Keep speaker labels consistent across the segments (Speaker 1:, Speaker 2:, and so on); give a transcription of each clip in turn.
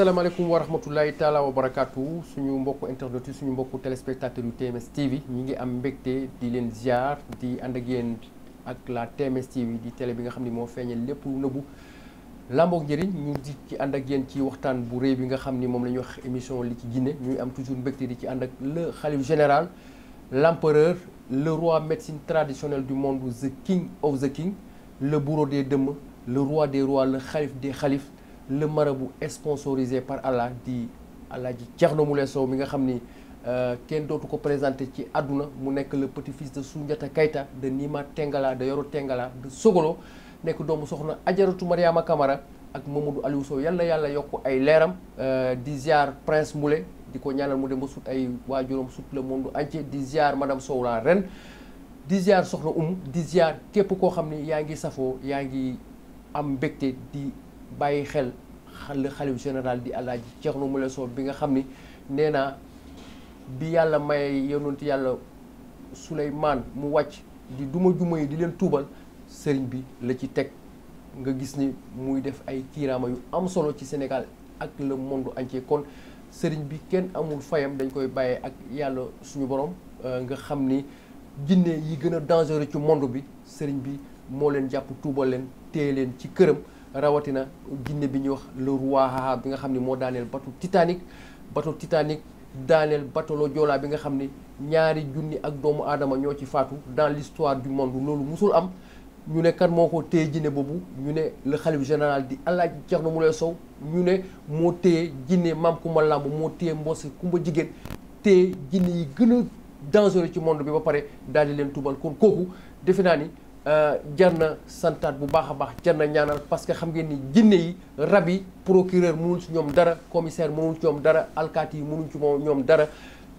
Speaker 1: asalaamaaleykum wa rahmatulahi taala wa barakaatu suñu mbokku internet yi suñu mbokku téléspectateur yu TMS TV ñi ngi am mbégte di leen ziar di ànd ak yéen ak la TMS TV di tele bi nga xam ne moo feeñal lépp lu nëbbu làmboog njëriñ ñu ngi ci ànd ak yéen ci waxtaan bu rëy bi nga xam ni moom la ñuy wax émission li ci Guinée ñu am toujours mbégte di ci ànd ak le xalif général l'empereur le roi médecine traditionnelle du monde the king of the king le bourreau des dëmm le roi des rois xalif des xalif le bu sponsorisé par Allah di Alaaji Thierno Moule Sow mi nga xam ni euh, kenn dootu ko présenté ci àdduna mu nekk le petit fils de Soundiata Keita de Nima Tengala de Yoro Tengala de Sogolo nekk doomu soxna Ajaratu Mariama Kamara ak Mamadou Aliou Sow yàlla yàlla yokk ay leeram euh, di ziar Prince Moule di ko ñaanal mu dem ba sut ay waajuram sut le monde entier di ziar madame Sow la ren di ziar soxna um di ziar képp koo xam ni yaa ngi safoo yaa ngi am mbégte di bàyyi xel xal xalif général di Alaaji Ceerno Moule Sow bi nga xam ni nee naa bi yàlla mayee may yonent yàlla Suleymaan mu wàcc di duma juma yi di leen tuubal sëriñ bi la ci teg nga gis ni muy def ay kiiraama yu am solo ci Sénégal ak le monde entier kon sëriñ bi kenn amul fayam dañ koy bàyyee ak yàlla suñu borom euh, nga xam ni jinne yi gën a dangereux ci monde bi sëriñ bi moo leen jàpp tuubal leen téye leen ci këram rawatina Guinée bi ñuy wax le roi haha bi nga xam ne moo daaneel bateau Titanic bato Titanic daaneel bateau la Joola bi nga xam ne ñaari junni ak doomu aadama ñoo ci faatu dans l'histoire du monde loolu musul am ñu ne kan moo ko téye jinne boobu ñu ne la xalif général di Alaaji mu Mulay Sow ñu ne moo téye jinne maam Kumba Làmb moo téye mboose Kumba jigéen téye jinne yi gën a dangereux ci monde bi ba pare daal leen tubal kon kooku defe naa ni Euh, jar na santaat bu baax a baax jar na ñaanal parce que xam ngeen ni jinne yi rab yi procureur mënul ci ñoom dara commissaire mënul ci ñoom dara alkaati yi mënul ci moom ñoom dara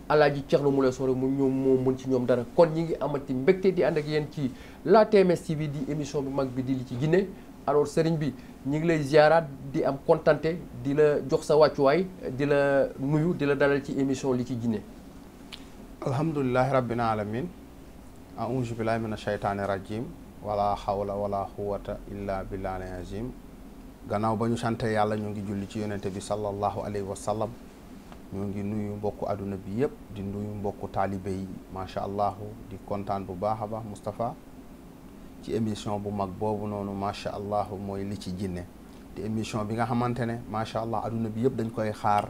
Speaker 1: alaaji Ceerno Moule Soore mu ñoom moo mën ci ñoom dara kon ñi ngi amati mbégte di ànd ak yéen ci la TMS TV di émission bu mag bi di li ci jinne alors sëriñ bi ñi ngi lay ziaraat di am kontante di la jox sa
Speaker 2: wàccuwaay di la nuyu di la dalal ci émission li ci jinne alhamdulilahi rabbil alamin auzu billahi mina shaytaani rajim wala xawla wala quwata illa billahi azim gannaaw ba ñu sante yàlla ñu ngi julli ci yonente bi sallallahu alayhi wa sallam ñu ngi nuyu mbokku àdduna bi yëpp di nuyu mbokku taalibe yi macha allah di kontaan bu baax a baax Moustapha ci émission bu mag boobu noonu macha allah mooy li ci jinne di émission bi nga xamante ne macha allah àdduna bi yëpp dañ koy xaar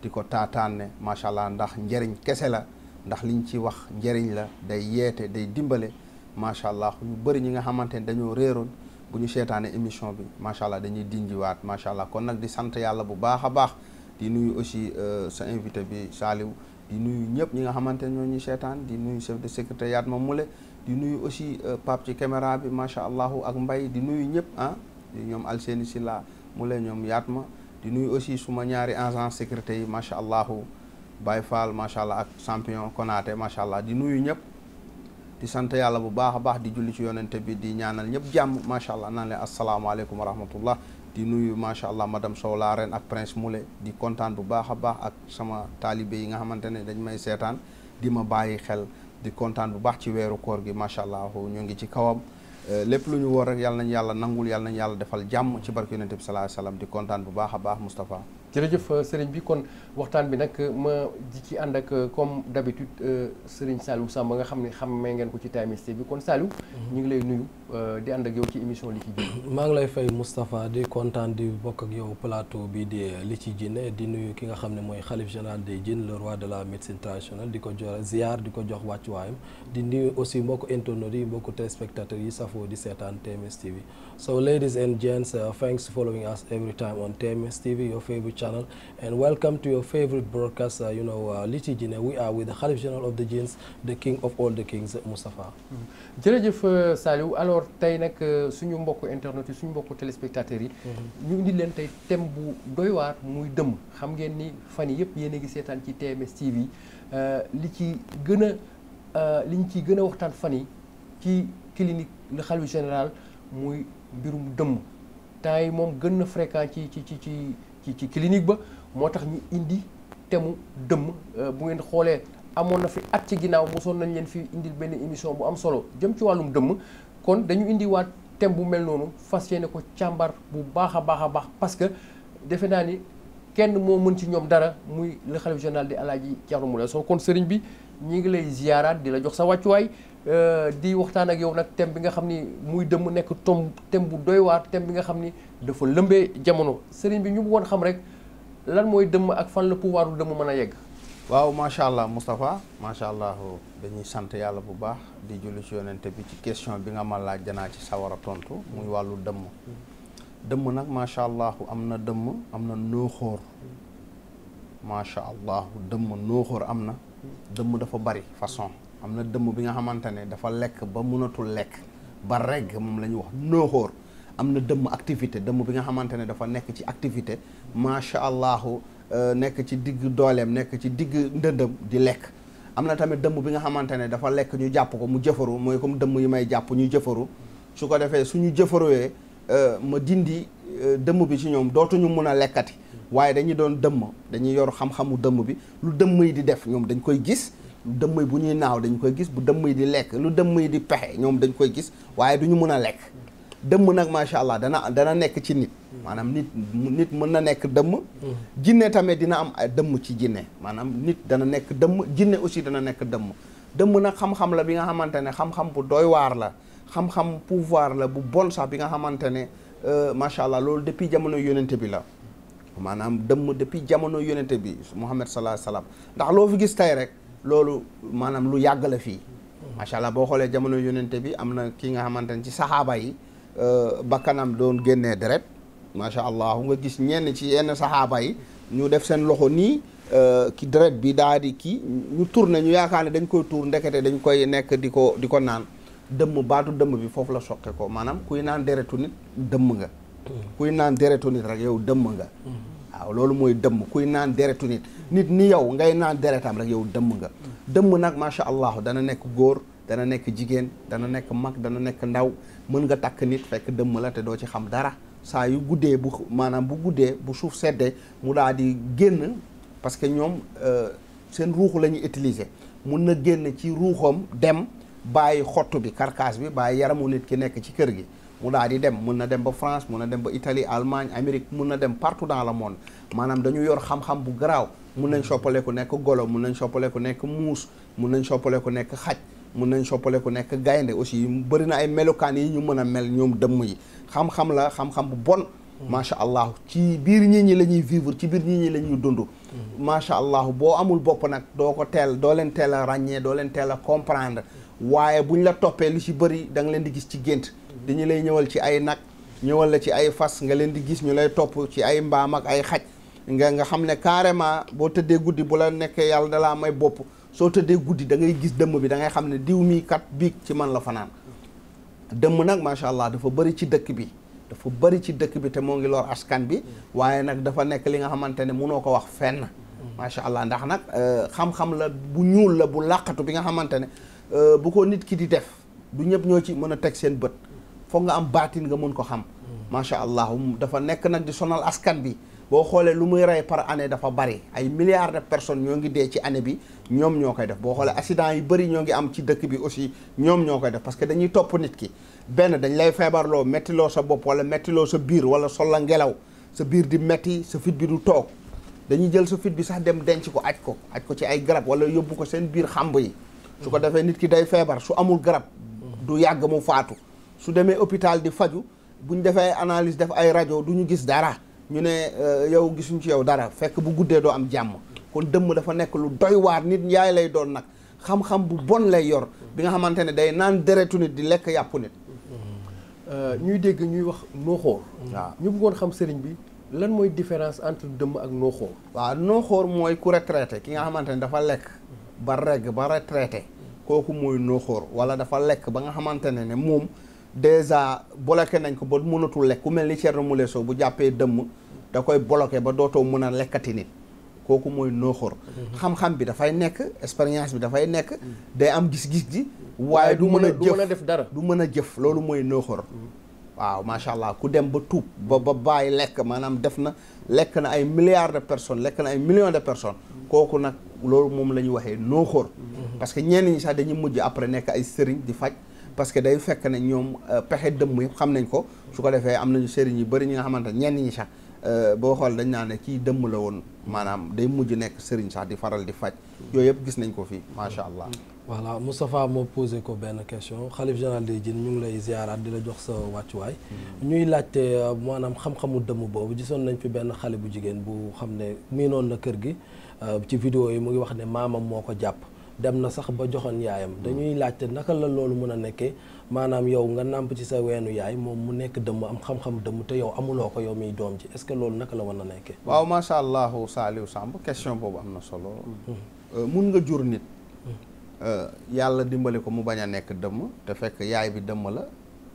Speaker 2: di ko taataanne macha allah ndax njëriñ kese la. ndax li liñ ci wax njëriñ la day yeete day dimbale macha allah ñu bëri ñi nga xamante ne dañoo réeroon bu ñu seetaanee émission bi macha allah dañuy dindiwaat macha allah kon nag di sant yàlla bu baax a baax di nuyu aussi euh, sa invité bi Saliou di nuyu ñëpp ñi nga xamante ne ñoo ñuy seetaan di nuyu chef de secrétariat ma mule di nuyu aussi euh, Pape ci caméra bi macha allah ak mbay di nuyu ñëpp ah ñoom Alseni Silla mule ñoom Yatma di nuyu aussi suma ñaari agent secrétaire yi macha allah. Baye faal macha allah ak champion konaate macha allah di nuyu ñëpp di sant yàlla bu baax a baax di julli ci yonente bi di ñaanal ñëpp jàmm macha allah naan leen asalaamaaleykum wa rahmatullah di nuyu macha allah madame Sow la reine ak prince Moulé di kontaan bu baax a baax ak sama taalibe yi nga xamante ne dañ may seetaan di ma bàyyi xel di kontaan bu baax ci weeru koor gi macha allah ñoo ngi ci kawam. Eh, lépp lu ñu woor rek yàlla nañ yàlla nangul yàlla nañ yàlla defal jàmm ci barke yonente bi sallallahu alayhi di kontaan bu baax a baax Moustapha. jërëjëf euh, sëriñ bi kon waxtaan bi nag euh, ma ji ci ànd ak euh, comme d'habitude sëriñ
Speaker 1: Saliou Samb nga xam ne xam xamee ngeen ko ci TMS bi kon Saliou. Mhm. ñu ngi lay nuyu di ànd ak yow ci émission li ci
Speaker 3: jinne. maa ngi lay fay Moustapha di kontaan di bokk ak yow plateau bi di li ci jinne di nuyu ki nga xam ne mooy xalif général des jinne le roi de la médecine traditionnelle di ko jox ziar di ko jox wàcc wàccuwaayam di nuyu aussi mbokk internautes yi mbokku téléspectateurs yi safoo di seetaan TMS TV so ladies and gents uh, thanks for following channel and welcome to your favorite broadcaster, you know, uh, Liti Jine. We are with the Khalif General of the Jinns,
Speaker 1: the king of all the kings, Moustapha. Hmm. jërëjëf euh, Saliou alors tey nag euh, suñu mbokku internet yi suñu mbokku téléspectateurs yi. Mhm. ñu indi leen tey thème bu doy waar muy dëmm xam ngeen ni fan yii yëpp yéen a ngi seetaan ci TMS TV euh, li ci gën a liñ ci gën a waxtaan fan yi ci clinique le Khalif Général muy mbirum dëmm temps yi moom gën na ci ci ci. ci ci clinique ba moo tax ñu indi temu dëmm euh, bu ngeen xoolee amoon na fi at ci ginnaaw mosoon nañ leen fi indil benn émission bu am solo jëm ci wàllum dëmm kon dañu indiwaat thème bu mel noonu fas yéene ko càmbar bu baax a baax a baax parce que defe naa ni kenn moo mën ci ñoom dara muy le xalif général di alaaji Thierno Moule Sow kon sëriñ bi ñi ngi lay ziyaaraat di la jox sa wàccuwaay euh, di waxtaan ak yow nag thème bi nga xam ni muy dëmm nekk tom thème bu doy waar thème bi nga xam ni dafa lëmbee jamono sëriñ bi ñu bëggoon xam rek lan
Speaker 2: mooy dëmm ak fan la pouvoiru dëmm mën a yegg. waaw macha allah Moustapha macha allah dañuy sant yàlla bu baax di julli ci yonente bi ci question bi nga ma laa janaa ci sawara a tontu muy wàllu dëmm. dëmm nag macha allah am na dëmm am na nooxoor macha allah dëmm nooxoor am na. dëmm dafa bari façon am na dëmm bi nga xamante ne dafa lekk ba mënatul lekk ba regg moom la ñuy wax nooxoor. am na dëmm activité dëmm bi nga xamante ne dafa nekk ci activité macha allahu euh, nekk ci digg dooleem nekk ci digg ndëndëm di lekk am na tamit dëmm bi nga xamante ne dafa lekk ñu jàpp ko mu jëfaru mooy comme dëmm yi may jàpp ñu jëfaru su ko defee suñu jëfaruwee euh, ma dindi euh, dëmm bi ci ñoom dootuñu mun a lekkati waaye dañuy doon dëmm dañuy yor xam-xamu dëmm bi lu dëmm yi di def ñoom dañ koy gis dëmm yi bu ñuy naaw dañ koy gis bu dëmm yi di lekk lu dëmm yi di pexe ñoom dañ koy gis waaye du mun a lekk dëmm nag macha allah dana dana nekk ci nit maanaam nit nit mën na nekk dëmm jinne tamit dina am ay eh, dëmm ci jinne maanaam nit dana nekk dëmm jinne aussi dana nekk dëmm dëmm nag xam-xam la bi nga xamante ne xam-xam bu doy waar la xam-xam pouvoir la bu bon sax bi nga xamante ne euh, macha allah loolu depuis jamono yonente bi la maanaam dëmm depuis jamono yonente bi Muhammad salaa salaam ndax loo fi gis tey rek loolu maanaam lu yàgg la fii macha allah boo xoolee jamono yonente bi am na ki nga xamante ne ci saxaaba yi Euh, bakkanam doon génnee deret macha allah nga gis ñenn ci yenn saxaaba yi ñu def seen loxo nii euh, ki deret bi daa di kii ñu tourné ñu yaakaar ne dañ koy tuur ndekete dañ koy nekk di ko di ko naan dëmm baatu dëmm bi foofu la soqe maanaam kuy naan deretu nit dëmm nga kuy naan deretu nit rek yow dëmm nga waaw loolu mooy dëmm kuy naan deretu nit nit ni yow ngay naan deretam rek yow dëmm nga dëmm nag macha allah dana nekk góor dana nekk jigéen dana nekk mag dana nekk ndaw mën nga takk nit fekk dëmm la te doo ci xam dara saa yu guddee bu maanaam bu guddee bu suuf seddee mu daal di génn parce que ñoom euh, seen ruuxu la ñuy utiliser mun na génn ci ruuxam dem bàyyi xottu bi carcasse bi bàyyi yaramu nit ki nekk ci kër gi mu daa di dem mun na dem ba France mun na dem ba Italie Allemagne Amérique mun na dem partout dans le monde maanaam dañu yor xam-xam bu garaaw mun nañ soppaleku nekk golo mun nañ soppaleku nekk muus mun nañ soppaleku nekk xaj mun nañ soppalee ku nekk gaynde aussi bëri na ay melokaan yi ñu mën a mel ñoom dëmm yi xam-xam la xam-xam bu bon macha allah ci biir nit ñi la ñuy vivre ci biir nit ñi la ñuy dund macha allah boo amul bopp nag doo ko teel doo leen teel a ràññee doo leen teel a comprendre waaye buñ la toppee lu ci bëri da nga leen di gis ci gént dañu lay ñëwal ci ay nag ñëwal la ci ay fas nga leen di gis ñu lay topp ci ay mbaam ak ay xaj nga nga xam ne carrément boo tëddee guddi bu la nekkee yàlla dalaa may bopp soo tëddee guddi da ngay gis dëmm bi da ngay xam ne diw mii kat biig ci man la fanaan dëmm nag macha allah dafa bëri ci dëkk bi dafa bëri ci dëkk bi te moo ngi lor askan bi waaye nag dafa nekk li nga xamante ne mënoo ko wax fenn macha allah ndax nag euh, xam-xam la bu ñuul la bu làqatu bi nga xamante ne euh, bu ko nit ki di def du ñëpp ñoo ci mën a teg seen bët foog nga am baatin nga mën ko xam macha allah dafa nekk nag di sonal askan bi boo xoolee lu muy rey par anne dafa bari ay milliards de personnes ñoo ngi dee ci année bi ñoom ñoo koy def boo xoolee accident yi bëri ñoo ngi am ci dëkk bi aussi ñoom ñoo koy def parce que dañuy topp nit ki benn dañ lay feebarloo mettiloo sa bopp wala mettiloo sa biir wala sol la ngelaw sa biir di metti sa fit bi du toog dañuy jël sa fit bi sax dem denc ko aj ko aj ko ci ay garab wala yóbbu ko seen biir xàmb yi su ko defee nit ki day feebar su amul garab du yàgg mu faatu su demee hôpital di faju buñ defee analyse def ay rajo du ñu gis dara ñu ne eh, yow gisuñ ci yow dara fekk bu guddee doo am jàmm kon dëmm dafa nekk lu doy waar nit yaay lay doon nag xam-xam bu bon lay yor bi nga xamante ne day naan deretu nit di lekk yàppu nit eh, ñuy dégg ñuy wax nooxoor waaw ñu bëggoon xam sëriñ bi lan mooy différence entre dëmm ak nooxoor waaw nooxoor mooy ku retraité ki nga xamante ne dafa lekk ba regg ba retraité kooku mooy nooxoor wala dafa lekk ba nga xamante ne ne moom dèjà bloqué nañ ko ba mënatul lekk ku mel ni Thierno Moule Sow bu jàppee dëmm da koy bloqué ba dootoo mën a lekkati nit kooku mooy nooxor mhm. xam-xam bi dafay nekk expérience bi dafay nekk mhm. day am gis-gis ji waaye du mën a jëf def dara du mën a jëf loolu mooy nooxor mhm. waaw macha allah ku dem ba tuub ba ba bàyyi lekk maanaam def na lekk na ay milliards de personnes lekk na ay million de personnes kooku nag loolu moom la ñuy waxee nooxóor parce que ñenn ñi sax dañu mujj après nekk ay sëriñ di faj parce que day fekk nañ ñoom euh, pexe dëmm yëpp xam nañ ko su ko defee am nañu sëriñ yu bari ñi nga xamante ñenn ñi sax euh, boo xool dañ naa ne kii dëmm la woon maanaam day mujj nekk sëriñ sax di faral di faj yooyu yëpp gis nañ ko fii macha allah.
Speaker 3: voilà Moustapha moo posé ko benn question xalif général jin ñu ngi lay ziaraat di la jox sa wàccuwaay. Hmm. ñuy laajte euh, maanaam xam-xamu dëmm boobu gisoon nañ fi benn xale bu jigéen bu xam ne miinoon na kër gi ci vidéo yi mu ngi wax ne maamam moo ko jàpp. dem na sax ba joxoon yaayam dañuy laajte naka la loolu mën a nekkee maanaam yow nga nàmp ci sa weenu yaay moom mu nekk
Speaker 2: dëmm am xam-xam dëmm te yow amuloo ko yow miy doom ji est ce que loolu naka la mën a nekkee waaw macha allah Saliou Samb question boobu am na solo euh, mun nga jur nit euh, yàlla dimbali ko mu bañ a nekk dëmm fekk yaay bi dëmm la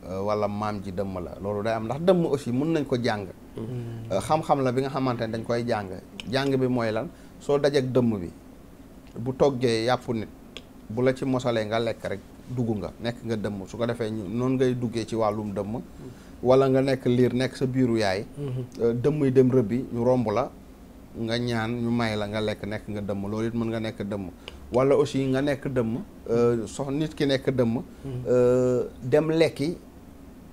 Speaker 2: euh, wala maam ji dëmm la loolu day am ndax dëmm aussi mun nañ ko jàng
Speaker 4: mm-hmm.
Speaker 2: xam-xam la bi nga xamante ne dañ koy jàng jàng bi mooy lan soo dajeek dëmm bi bu toggee yàpp nit bu la ci mosalee nga lekk rek dugg nga nekk nga dëmm su ko defee ñu noonu ngay duggee ci wàllum dëmm wala nga nekk liir nekk sa biiru yaay mm-hmm. euh, dëmm yi dem rëbbi ñu romb la nga ñaan ñu may la nga lekk nekk nga dëmm loolu it mën nga nekk dëmm wala aussi nga nekk dëmm euh, nit ki nekk dëmm mm-hmm. euh, dem lekki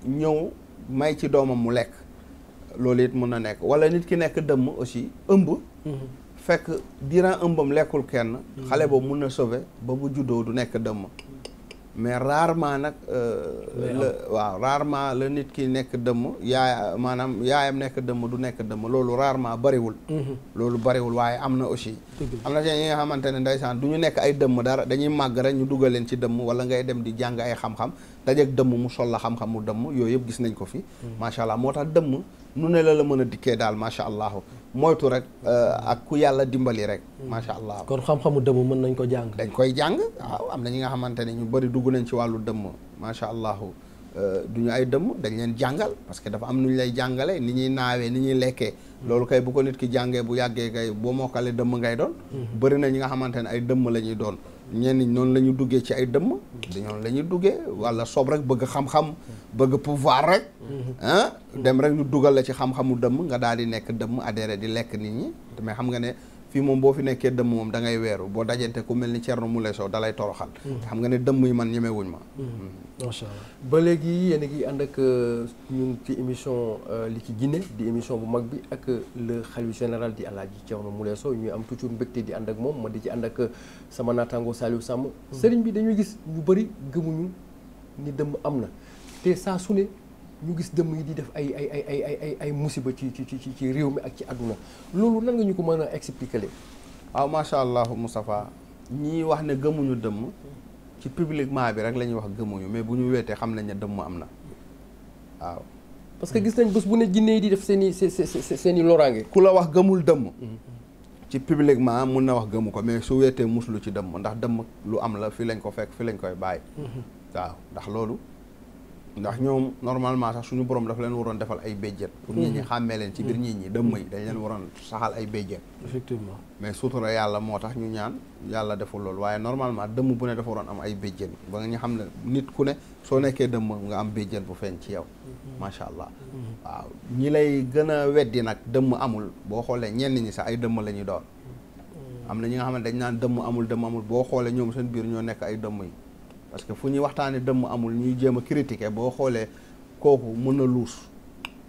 Speaker 2: ñëw may ci doomam mu lekk loolu it mën na nekk wala nit ki nekk dëmm aussi ëmb
Speaker 4: mm-hmm.
Speaker 2: fekk durant ëmbam lekkul kenn xale boobu mun na sauver ba bu juddoo du nekk dëmm mais rarement nag euh, la waaw rarement la nit ki nekk dëmm yaay maanaam yaayam nekk dëmm du nekk dëmm loolu rarement bariwul mhm. loolu bariwul waaye am na aussi am na ci ñi nga xamante ne ndeysaan du ñu nekk ay dëmm dara dañuy màgg rek ñu dugal leen ci dëmm wala ngay dem di jàng ay xam-xam dajeeg dëmm mu sol la xam-xam mu dëmm yooyu yëpp gis nañ ko fi mhm. macha allah moo tax dëmm nu ne la la mën a dikkee daal macha allah moytu rek euh, ak ku yàlla dimbali rek. macha allah kon xam-xamu dëmm mën nañ ko jàng. dañ koy jàng waaw am na ñi nga xamante ne ñu bëri dugg nañ ci wàllu dëmm macha allah euh, du ñu ay dëmm dañ leen jàngal parce que dafa am nu ñu lay jàngalee ni ñuy naawee ni ñuy lekkee. Hmm. loolu kay bu ko nit ki jàngee bu yàggee kay boo mokkalee dëmm ngay doon. Hmm. bari na ñi nga xamante ne ay dëmm la ñuy doon. ñenn noonu la ñu duggee ci ay dëmm. dañoon la ñuy duggee wala soob rek bëgg xam-xam. bëgg pouvoir rek. dem rek ñu dugal la ci xam-xamu dëmm nga daal di nekk dëmm adhéré di lekk nit ñi mais xam nga ne. fii moom boo fi nekkee dëmm moom da ngay weeru boo dajante ku mel ni Thierno Moule Sow da lay toroxal. Mm. xam nga ne dëmm yi man ñemewuñ ma. Mm. Mm.
Speaker 1: macha ba léegi yéen a ngi ànd ak euh, ñun ci émission euh, li ci Guinée di émission bu mag bi ak euh, le xalif général di El Hadj Thierno Moule Sow ñuy am toujours mbégte di ànd ak moom ma di ci ànd ak sama naataango Saliou Samb. sëriñ bi dañuy gis ñu bëri gëmuñu ni dëmm am na te saa su ñu gis dëmm yi di def ay ay ay ay ay ay musiba ci ci ci réew mi ak ci àdduna loolu nan nga ñu ko mën a
Speaker 2: expliquer. waaw macha allah Moustapha ñii wax ne gëmuñu dëmm ci publiquement bi rek la ñuy wax gëmuñu mais bu ñu weetee xam nañ ne dëmm am na waaw. parce que gis nañ bés bu ne jinnee di def seeni i seen loraange. ku la wax gëmul dëmm. ci publiquement mun na wax gëmu ko mais su weetee muslu ci dëmm ndax dëmm lu am la fi lañ ko fekk fi lañ koy bàyyi. Mhm. waaw ndax loolu. ndax ñoom normalement sax suñu borom dafa leen waroon defal ay béjjén. pour nit ñi mhm. xàmmee leen ci biir mhm. nit ñi dëmm yi dañ leen waroon saxal ay béjjén. effectivement mais sutura yàlla moo tax ñu ñaan yàlla deful loolu waaye normalement dëmm bu ne dafa waroon am ay béjjén ba nga ñu xam ne nit ku ne soo nekkee dëmm nga am béjjén bu feeñ ci yow. Mhm. macha allah waaw ñi lay gën a weddi nag dëmm amul boo xoolee ñenn ñi sax ay dëmm la ñuy doon. am na ñi nga xam ne dañ naan dëmm amul dëmm amul boo xoolee ñoom seen biir ñoo nekk ay dëmm yi. parce que fu ñuy waxtaanee dëmm amul ñuy jéema a boo xoolee kooku mën na luus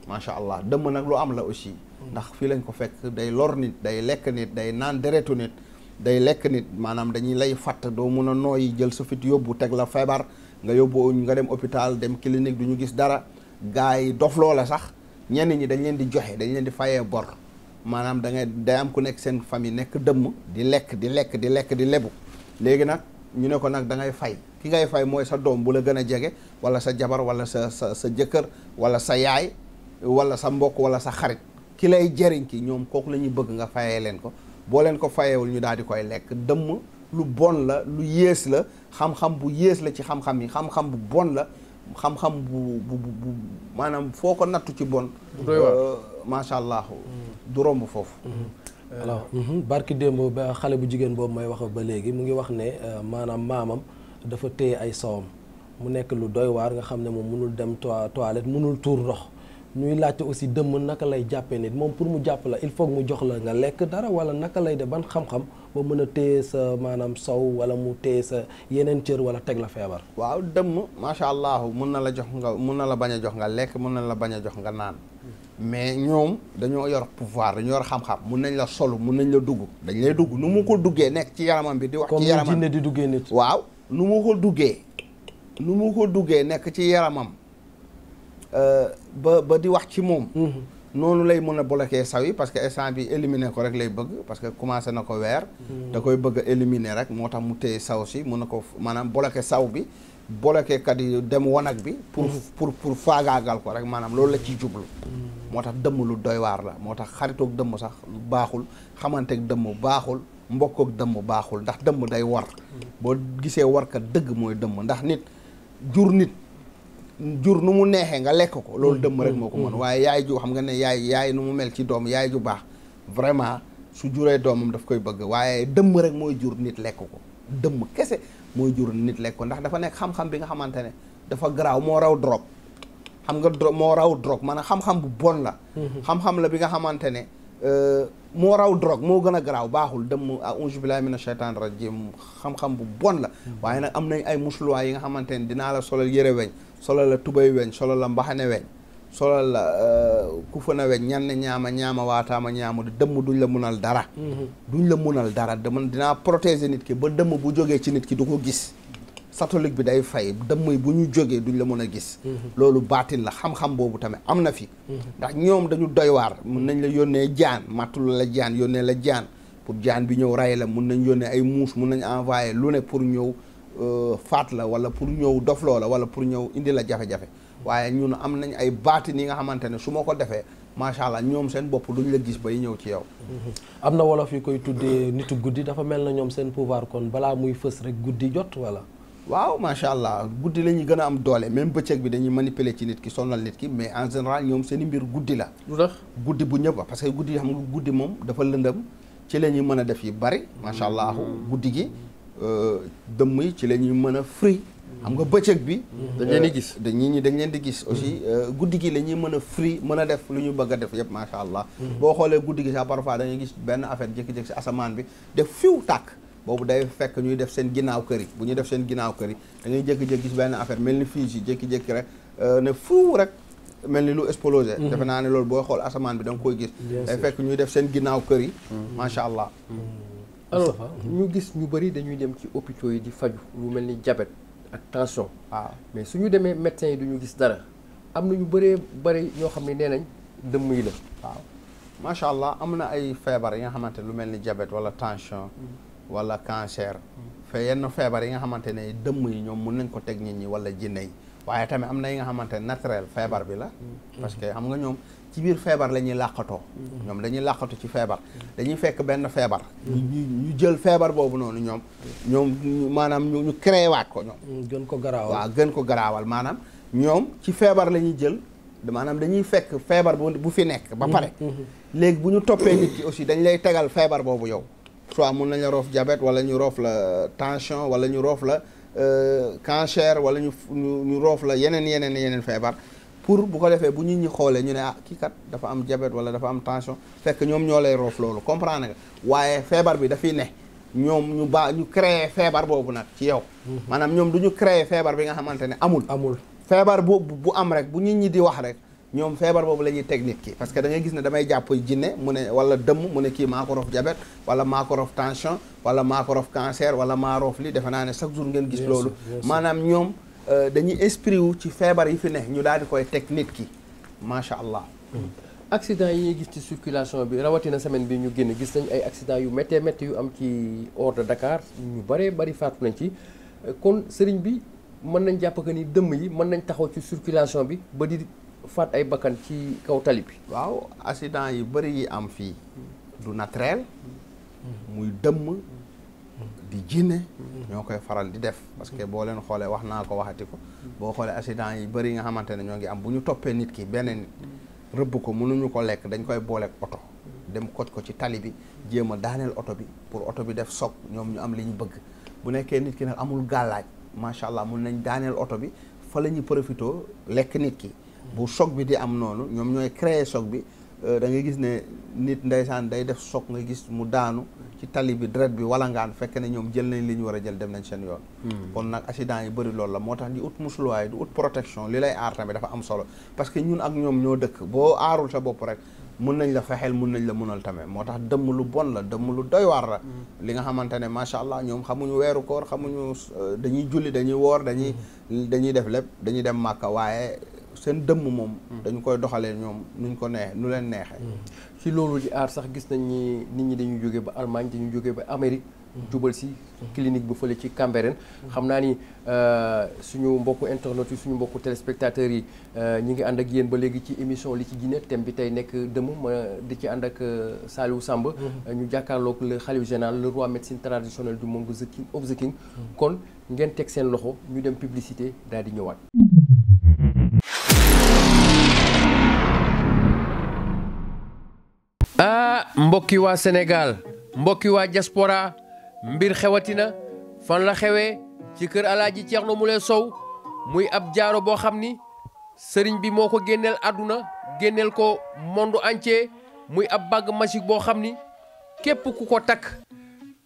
Speaker 2: macha allah dëmm nag lu am la aussi. ndax fii lañ ko fekk day lor nit day lekk nit day naan deretu nit. day lekk nit maanaam dañuy lay fàtt doo mun a nooyi jël sa fit yóbbu teg la feebar nga yóbbu nga dem hôpital dem clinique du ñu gis dara gars yi dof loola sax ñenn ñi dañ leen di joxe dañ leen di fayee bor maanaam da ngay day am ku nekk seen famille nekk dëmm di lekk di lekk di lekk di lebu léegi nag. ñu ne ko nag dangay fay ki ngay fay mooy sa doom bu la gën a jege wala sa jabar wala sa sa sa jëkkër wala sa yaay wala sa mbokk wala sa xarit ki lay jëriñ ki ñoom kooku la ñuy bëgg nga fayee leen ko boo leen ko fayeewul ñu daal di koy lekk dëmm lu bon la lu yées la xam-xam bu yées la ci xam-xam yi xam-xam bu bon la xam-xam bu bu bu maanaam foo ko nattu ci bon. Euh, macha allah.
Speaker 4: Mm.
Speaker 2: du romb foofu.
Speaker 4: Mm-hmm. alors
Speaker 3: mhm, barki démb ba xale bu jigéen boobu may wax ba léegi mu ngi wax ne euh, maanaam maamam dafa téye ay sowam mu nekk lu doy waar nga xam ne moom mënul dem toilette mënul tuur ndox ñuy laajte aussi dëmm naka lay jàppe nit moom pour mu jàpp la il faut mu jox la nga lekk dara wala naka lay de ban xam-xam ba mën a téye sa maanaam sow wala mu téye sa yeneen cër
Speaker 2: wala teg la feebar. waaw dëmm macha allah mun na la jox nga mun na la bañ a jox nga lekk mun na la bañ a jox nga naan. mais ñoom dañoo yor pouvoir dañoo yor xam-xam mun nañ la solu mun nañ la dugg dañ lay dugg nu mu ko duggee nekk ci yaramam bi di wax ci yaramam comme di duggee nit waaw nu mu ko duggee nu mu ko duggee nekk ci yaramam euh, ba ba di wax ci moom mhm. noonu lay mën a bloquer saw yi parce que instant bi éliminer ko rek lay bëgg parce que commencé na ko weer mhm. da koy bëgg a éliminer rek moo tax mu téye saw si mun na ko maanaam bloquer saw bi bolokeekat yi dem wanag bi. pour mm. pour pour faagaagal ko rek maanaam loolu la ciy jublu.
Speaker 4: Mm.
Speaker 2: moo tax dëmm lu doywaar la moo tax xaritoog dëmm sax baaxul xamanteeg dëmm baaxul mbokkoog dëmm baaxul ndax dëmm day war. Mm. boo gisee warkat dëgg mooy dëmm ndax nit jur nit. jur nu mu neexee nga lekk ko loolu dëmm rek moo ko mën waaye yaay ju xam nga ne yaay yaay nu mu mel ci doom yaay ju baax vraiment su juree doomam daf koy bëgg waaye dëmm rek mooy jur nit lekk ko dëmm kese mooy jur nit lekk ndax dafa nekk xam-xam bi nga xamante ne dafa garaw moo raw drogue xam nga drogue moo raw drogue maanaam xam-xam bu bon la
Speaker 4: mm-hmm.
Speaker 2: la bi nga xamante ne euh, moo raw drogue moo gën a garaaw baaxul dem auzu billahi mina shaytaan rajim xam-xam bu bon la mm-hmm. waaye nag am nañ ay musluwaay yi nga xamante ne dinaa la solal yëre weñ solal la tubay weñ solal la mbaxane weñ solal la euh, ku fa nawe ñanne ñaama ñaama waataama ñaama dëmm duñ la munal dara mhm. duñ la munal dara man dinaa protéger nit ki ba dëmm bu jógee ci nit ki du ko gis satolique bi day fay dëmm yi bu ñu jógee duñ la mën a gis mhm. loolu baatin la xam-xam boobu tamit am na fi mhm. ndax ñoom dañu doy waar mun nañ la yónnee jaan màttul la jaan yónnee la jaan pour jaan bi ñëw rey la mun nañ yónnee ay muus mun nañ envoyé lu ne pour ñëw euh, faat la wala pour ñëw dofloo la wala pour ñëw indi la jafe waaye ñun am nañ ay baatin yi nga xamante ne su ma ko defee macha allah ñoom seen bopp duñu la gis bay ñëw ci yow. Mm-hmm. am na wolof yu koy tuddee nitu guddi dafa mel na ñoom seen pouvoir kon balaa muy fës rek guddi jot wala. waaw macha allah guddi la ñuy gën a am doole même bëccëg bi dañuy manipuler ci nit ki sonal nit ki mais en général ñoom seeni i mbir guddi la. lu tax guddi bu ñëpp parce que guddi xam nga guddi moom dafa lëndëm ci la ñuy mën a def yu bari. macha allah guddi gi euh, dëmm yi ci la ñuy mën a fri xam nga bëccëg bi. Mhm. dañ leen di gis dañ euh, ñi dañ leen di gis. aussi mhm. euh, guddi gi la ñuy mën a free mën a def lu ñu bëgg def yëpp macha allah. Mhm. boo xoolee guddi gi sax parfois dañuy gis benn affaire jékki-jékki si asamaan bi def fiw tàkk. boobu day fekk ñuy def seen ginnaaw kër yi bu ñuy def seen ginnaaw kër yi da ngay jékki-jékki benn affaire mel ni fii si jékki-jékki euh, ne fiw rek. mel ni lu explosé defe naa ne loolu booy xool asamaan bi da nga koy fekk ñuy def seen ginnaaw kër yi macha allah alors ñu gis ñu bëri dañuy dem ci hôpitaux yi di faju lu mel ni jabet
Speaker 1: ak tension. waaw ah. mais su ñu demee médecin yi du ñu gis dara am na ñu bëree bëri ñoo xam ne nee dëmm yi la. waaw
Speaker 2: macha allah am na ay feebar yi nga xamante lu mel ni jabet wala tension. Mm. wala cancer. Mm. fe yenn feebar yi nga xamante ne dëmm yi ñoom mun nañ ko teg nit ñi wala jinne yi waaye tamit am na yi nga xamante ne naturel feebar bi la. Mm. parce que am nga ñoom ci biir feebar la ñuy làqatoo ñoom dañuy làqatu ci feebar dañuy fekk benn feebar
Speaker 4: mm.
Speaker 2: ñu jël feebar boobu noonu ñoom ñoom maanaam ñu créé waat ko ñoom mm, gën ko garaawal gën ko garaawal maanaam ñoom ci feebar lañuy jël maanaam dañuy fekk feebar bu bu fi nekk ba mm, pare mm-hmm. léegi bu ñu toppee nit ki aussi dañ lay tegal feebar boobu yow soit mun nañ la roof diabète wala ñu roof la tension wala ñu roof la euh, cancer wala ñu ñu roof la yeneen yeneen yeneen feebar pour bu ko defee bu nit ñi xoolee ñu ne ah kii kat dafa am diabète wala dafa am tension fekk ñoom ñoo lay roof loolu comprendre nga waaye feebar bi dafiy ne ñoom ñu ba ñu créer feebar boobu nag ci yow mm-hmm. maanaam ñoom du ñu créer feebar bi nga xamante ne amul amul feebar boobu bu am rek bu nit ñi di wax rek ñoom feebar boobu la ñuy teg nit parce que da gis ne damay jàpp jinne mu ne wala dëmm mu ne kii maa ko wala maa wala maa ko wala maa li defe naa ne chaque jour ngeen gis loolu maanaam ñoom Euh, dañuy inspiré wu ci feebar yi fi ne ñu daal di koy teg nit ki
Speaker 1: macha allah. accident yi ñuy gis ci circulation bi rawatina semaine bi ñu génn gis nañ ay accident yu méttee métti yu am ci hors Dakar ñu bëree bari faatu nañ ci kon sëriñ bi mën nañ jàpp que ni dëmm yi mën nañ taxaw ci circulation bi ba di faat ay bakkan
Speaker 2: ci kaw tali bi. waaw accident yu bëri yi am fii du naturel muy dëmm. di jinne ñoo koy faral di def parce que boo leen xoolee wax naa ko waxati ko boo xoolee accident yi bëri nga xamante ne ñoo ngi am bu ñu toppee nit ki beneen rëbb ko mënuñu ko lekk dañ koy booleeg oto dem koj ko ci tali bi jéem a daaneel oto bi pour oto bi def soog ñoom ñu am li ñu bëgg bu nekkee nit ki nag amul gàllaaj macha allah mun nañ daaneel oto bi fa la ñuy profité lekk nit ki bu choc bi di am noonu ñoom ñooy créer choc bi euh, da ngay gis ne nit ndeysaan day def choc nga gis mu daanu tali bi deret bi ngaan fekk na ñoom jël nañ li ñu war a jël dem nañ seen yoon hmm. kon nag accident yi bëri loolu la moo tax di ut musluwaay di ut protection li lay aar tamit dafa am solo parce que ñun ak ñoom ñoo dëkk boo aarul sa bopp rek mun nañ la fexeel mun nañ la munal tamit moo tax dëmm lu bon la dëmm lu doy waar la hmm. li nga xamante ne macha allah ñoom xamuñu weeru koor xamuñu euh, dañuy julli dañuy woor dañuy hmm. dañuy def lépp dañuy dem màkka waaye seen dëmm moom dañu koy doxalee ñoom nuñ ko neex nu leen neexee ci loolu di aar sax gis nañ ni nit ñi dañuy jóge
Speaker 1: ba Allemagne dañuy jógee ba Amérique. Mhm. jubal si mhm. clinique bu fële ci Cambérène. Mhm. xam naa ni euh, suñu mbokku internet yi suñu mbokku téléspectateurs yi euh, ñi ngi ànd ak yéen ba léegi ci émission li ci jinne thème bi tey nekk dëmm ma di ci ànd ak euh, Saliou Samba. ñu jàkkaarloog le xalif général le roi médecine traditionnelle du moom the king of the kon ngeen teg seen loxo ñu dem publicité daal di ñëwaat. ah mbokki waa Sénégal mbokki waa diaspora mbir xewatina fan la xewee ci kër ceex na mu Moule Sow muy ab jaaro boo xam ni sëriñ bi moo ko génneel àdduna génneel ko monde entier muy ab bague magique boo xam ni képp ku ko takk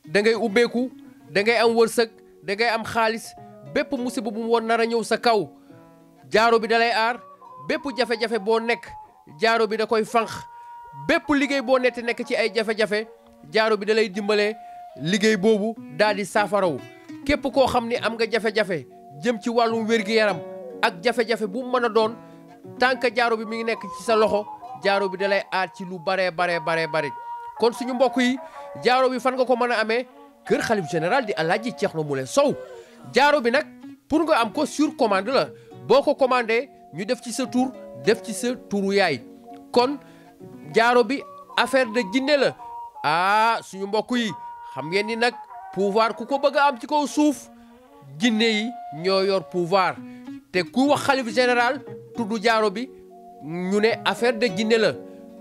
Speaker 1: dangay ngay ubbeeku da ngay am wërsëg da ngay am xaalis bépp musiba bu mu woon nar a ñëw sa kaw jaaro bi dalay aar bépp jafe-jafe boo nekk jaaro bi da koy fanq bépp liggéey boo nette nekk ci ay jafejafe jafe jaaro bi da lay dimbale liggéey boobu daal di saafarawu képp koo xam ni am nga jafe-jafe jëm ci wàllum wér yaram ak jafejafe jafe bu mu mën a doon tant que jaaro bi mi ngi nekk ci sa loxo jaaro bi da lay aar ci lu baree baree baree bare kon suñu mbokk yi jaaro bi fan nga ko mën a amee kër xalif général di Alaaji Ceerno Moule Sow jaaro bi nag pour nga am ko sur commande la boo ko commandé ñu def ci sa tur def ci sa turu yaay kon jaaro bi affaire de jinne la ah suñu mbokk yi xam ngeen ni nag pouvoir ku ko bëgg am ci kaw suuf jinne yi ñoo yor pouvoir te ku wax xalif général tudd jaaro bi ñu ne affaire de jinne la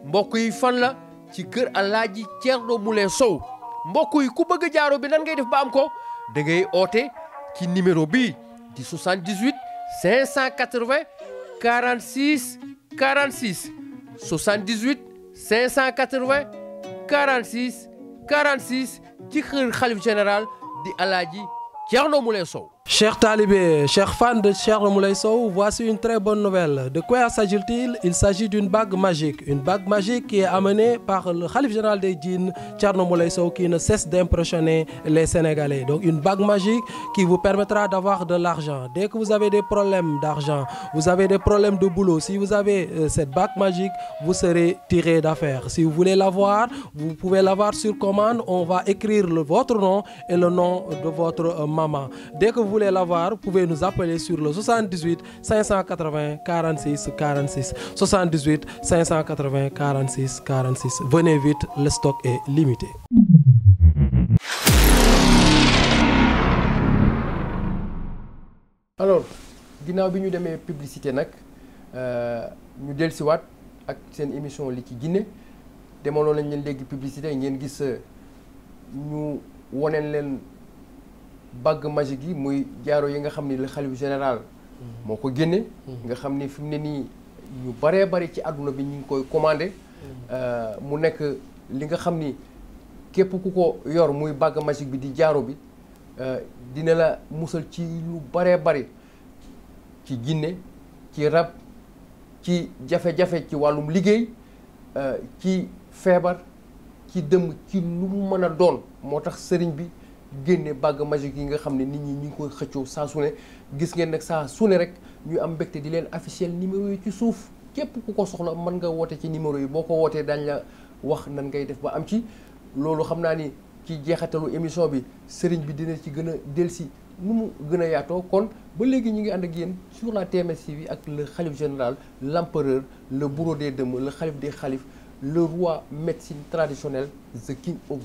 Speaker 1: mbokk yi fan la ci kër Alaaji Ceerno Moule Sow mbokk yi ku bëgg jaaro bi nan ngay def ba am ko da ngay oote ci numéro bii di 78 580 46 46 580 46 46 ci xër xalif général di alaaji mu Moule Sow
Speaker 3: Chers talibés, chers fans de Cheikh Moulay Sow, voici une très bonne nouvelle. De quoi s'agit-il? Il, Il s'agit d'une bague magique, une bague magique qui est amenée par le khalife général des djinns, Cheikh qui ne cesse d'impressionner les Sénégalais. Donc une bague magique qui vous permettra d'avoir de l'argent. Dès que vous avez des problèmes d'argent, vous avez des problèmes de boulot, si vous avez euh, cette bague magique, vous serez tiré d'affaire. Si vous voulez l'avoir, vous pouvez nous appeler sur le 78 580 46 46. 78 580 46 46. Venez vite, le stock est limité.
Speaker 1: alors ginnaaw bi ñu demee publicité nag euh, ñu dellusiwaat ak seen émission li ci Guinée demaloon nañ leen léegi publicité ngeen gis euh, ñu woneen leen. bague magique yi muy jaaro yi nga xam ni la xalif général mm-hmm. moo ko génne mm-hmm. nga xam ni fi mu ne nii ñu baree bari ci àdduna bi ñu ngi koy commandé mm-hmm. euh, mu nekk li nga xam ni képp ku ko yor muy bague magique bi di jaaro bi euh, dina la musal ci lu baree bari ci ginne ci rab ci jafe-jafe ci wàllum liggéey euh, ci feebar ci dëmm ci lu mu mën a doon moo tax sëriñ bi génne bague magique yi nga xam ne nit ñi ñu ngi koy xëccoo saa sune gis ngeen nag saa su rek ñu am mbégte di leen afficher numéro yi ci suuf képp ku ko soxla mën nga woote ci numéro yi boo ko wootee dañ la wax nan ngay def ba am ci loolu xam naa ni ci jeexatalu émission bi sëriñ bi dina ci gën a delsi nu mu gën a yaatoo kon ba léegi ñu ngi ànd ak yéen sur la TMS bi ak le xalif général l'empereur le bourreau des dëmm le xalif des xalif le roi médecine traditionnelle the king of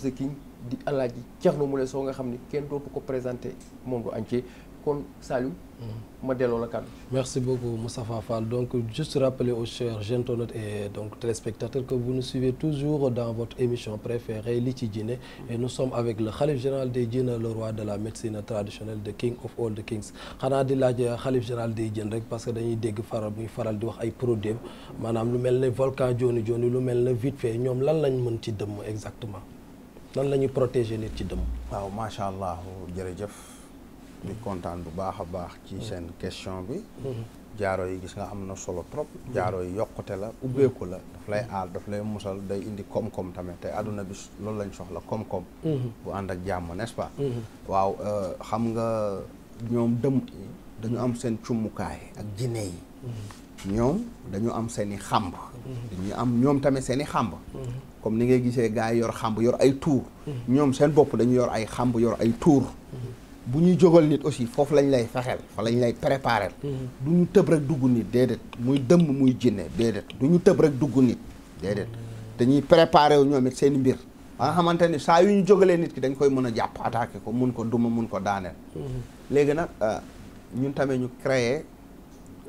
Speaker 1: di alaaji Thierno Moule Sow nga xam ni kenn dootu ko présenté monde entier kon Saliou mm-hmm. ma delloo la kàddu
Speaker 3: merci beaucoup Moustapha Fall donc juste rappeler aux chers internautes et donc téléspectateurs que vous nu suivez toujours dans votre émission préférée li ci jinne et nous sommes avec le khalife général des jinne le roi de la médecine traditionnelle the king of all the kings xanaa di laaj euh, khalife général des jën rek parce que dañuy dégg faral muy faral di wax ay problème maanaam lu mel ne volcan joni joni lu mel ne vite fait ñoom lan lañ mën ci dëmm exactement nan
Speaker 2: la ñuy protéger nit ci dëmm. waaw macha allah jërëjëf. di kontaan bu baax a baax. ci mm-hmm. seen question bi. Mm-hmm. jaaro yi gis nga am na solo trop. Mm-hmm. jaaro yi yokkute la ubbeeku la. daf lay aar daf lay musal day indi koom-koom tamit te àdduna bi loolu lañ soxla koom-koom. bu ànd ak jàmm n'est-ce waaw euh, xam nga ñoom dëmm dañu am seen cummukaay ak jinne yi. ñoom dañu am seen i xàmb. dañu am ñoom tamit seen i xàmb. comme ni ngay gisee gars yor xàmb yor ay tuur ñoom seen bopp dañu yor ay xàmb yor ay tuur bu ñuy jógal nit aussi foofu lañ lay fexeel fa lañ lay préparer du ñu tëb rek dugg nit déedéet muy dëmm muy jinne déedéet du ñu tëb rek dugg nit déedéet dañuy préparer wu ñoom it seen mbir ba nga xamante ni saa yu ñu jógalee nit ki dañ koy mën a jàpp attaqué ko mun ko duma mun ko daaneel léegi nag euh, ñun tamit ñu crée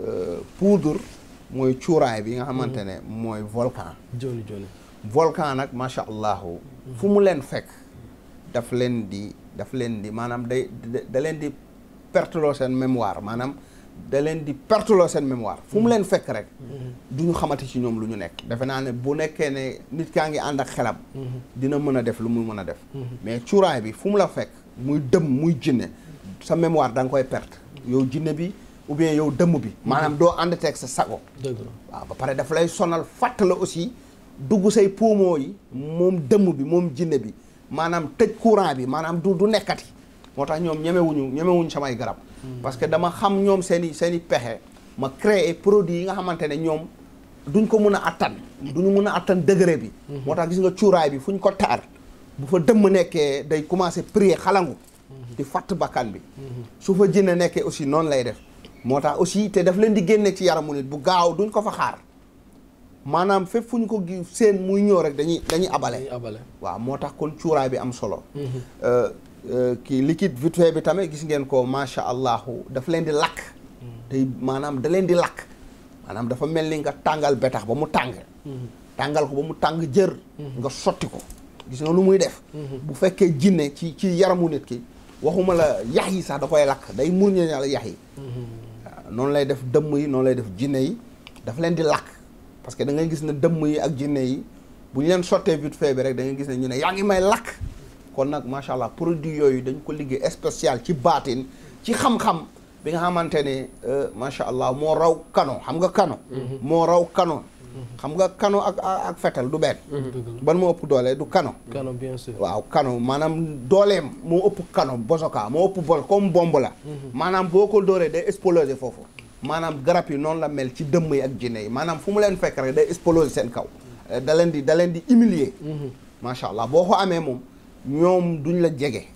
Speaker 2: euh, poudre mooy cuuraay bi nga xamante ne mooy volcan joni joni volcan nag macha allahu fu mu leen fekk daf leen di daf leen di maanaam day da leen di perteloo seen mémoire maanaam da leen di perteloo seen mémoire fu mu leen fekk rek du ñu xamati ci ñoom lu ñu nekk defe naa ne bu nekkee ne nit kaa ngi ànd ak xelam dina mën a def lu mu mën a def mais cuuraay bi fu mu la fekk muy dëm muy jinne sa mémoire da nga koy perte yow jinne bi ou bien yow dëmm bi maanaam doo ànd teg sa sago waaw ba pare daf lay sonal fàtt la aussi dugg say poumon yi moom dëmm bi moom jinne bi maanaam tëj courant bi maanaam du du nekkati moo tax ñoom ñemewuñu ñemewuñu samay garab hmm. parce que dama xam ñoom seen i seen i pexe ma créer produit yi nga xamante ne ñoom duñ ko mun a attan duñu mun a àttan degré bi hmm. moo tax gis nga cuuraay bi fu ñu ko taar bu fa dëmm nekkee day commencer prier xalangu hmm. di fàtt bakkan bi su fa jinne nekkee aussi noonu lay def moo tax aussi te daf leen di génne ci yaramu nit bu gaaw duñ ko fa xaar maanaam fépp fu ñu ko gi seen muy ñëw rek dañuy dañuy abale waaw moo tax kon cuuraay bi am solo mm-hmm. euh, euh, kii liquide vite bi tamit gis ngeen ko macha allahu daf leen di lakk tey mm-hmm. maanaam da leen di lakk maanaam dafa mel ni nga tàngal betax ba mu tàng mm-hmm. tàngal ko ba mu tàng jër nga sotti ko gis nga lu muy def bu fekkee jinne ci ci yaramu nit ki waxuma la yax yi sax da koy lakk day murñe la yax yi noonu lay def dëmm yi noonu lay def jinne yi dafa leen di lakk parce que da ngay gis ne dëmm yi ak jinne yi bu ñu leen sottee vite fait rek da gis ne ñu ne yaa ngi may lakk kon nag macha allah produit yooyu dañu ko liggéey spécial ci baatin ci xam-xam bi nga xamante ne euh, macha allah moo raw kano xam nga kano. Mhm. moo raw kano. xam nga kano ak ak fetal du benn. Mhm. ban moo ëpp doolee du kano. kano bien sûr waaw kano maanaam dooleem moo ëpp kano bosoka moo ëpp bol comme bomb la.
Speaker 4: Mhm. maanaam
Speaker 2: boo ko doolee day exploser foofu. maanaam garab yi noonu la mel ci dëmm yi ak jinne yi maanaam fu mu leen fekk rek day exploser seen kaw eh, da leen di daleen di humilier mhm. macha allah boo ko amee moom ñoom duñ la jege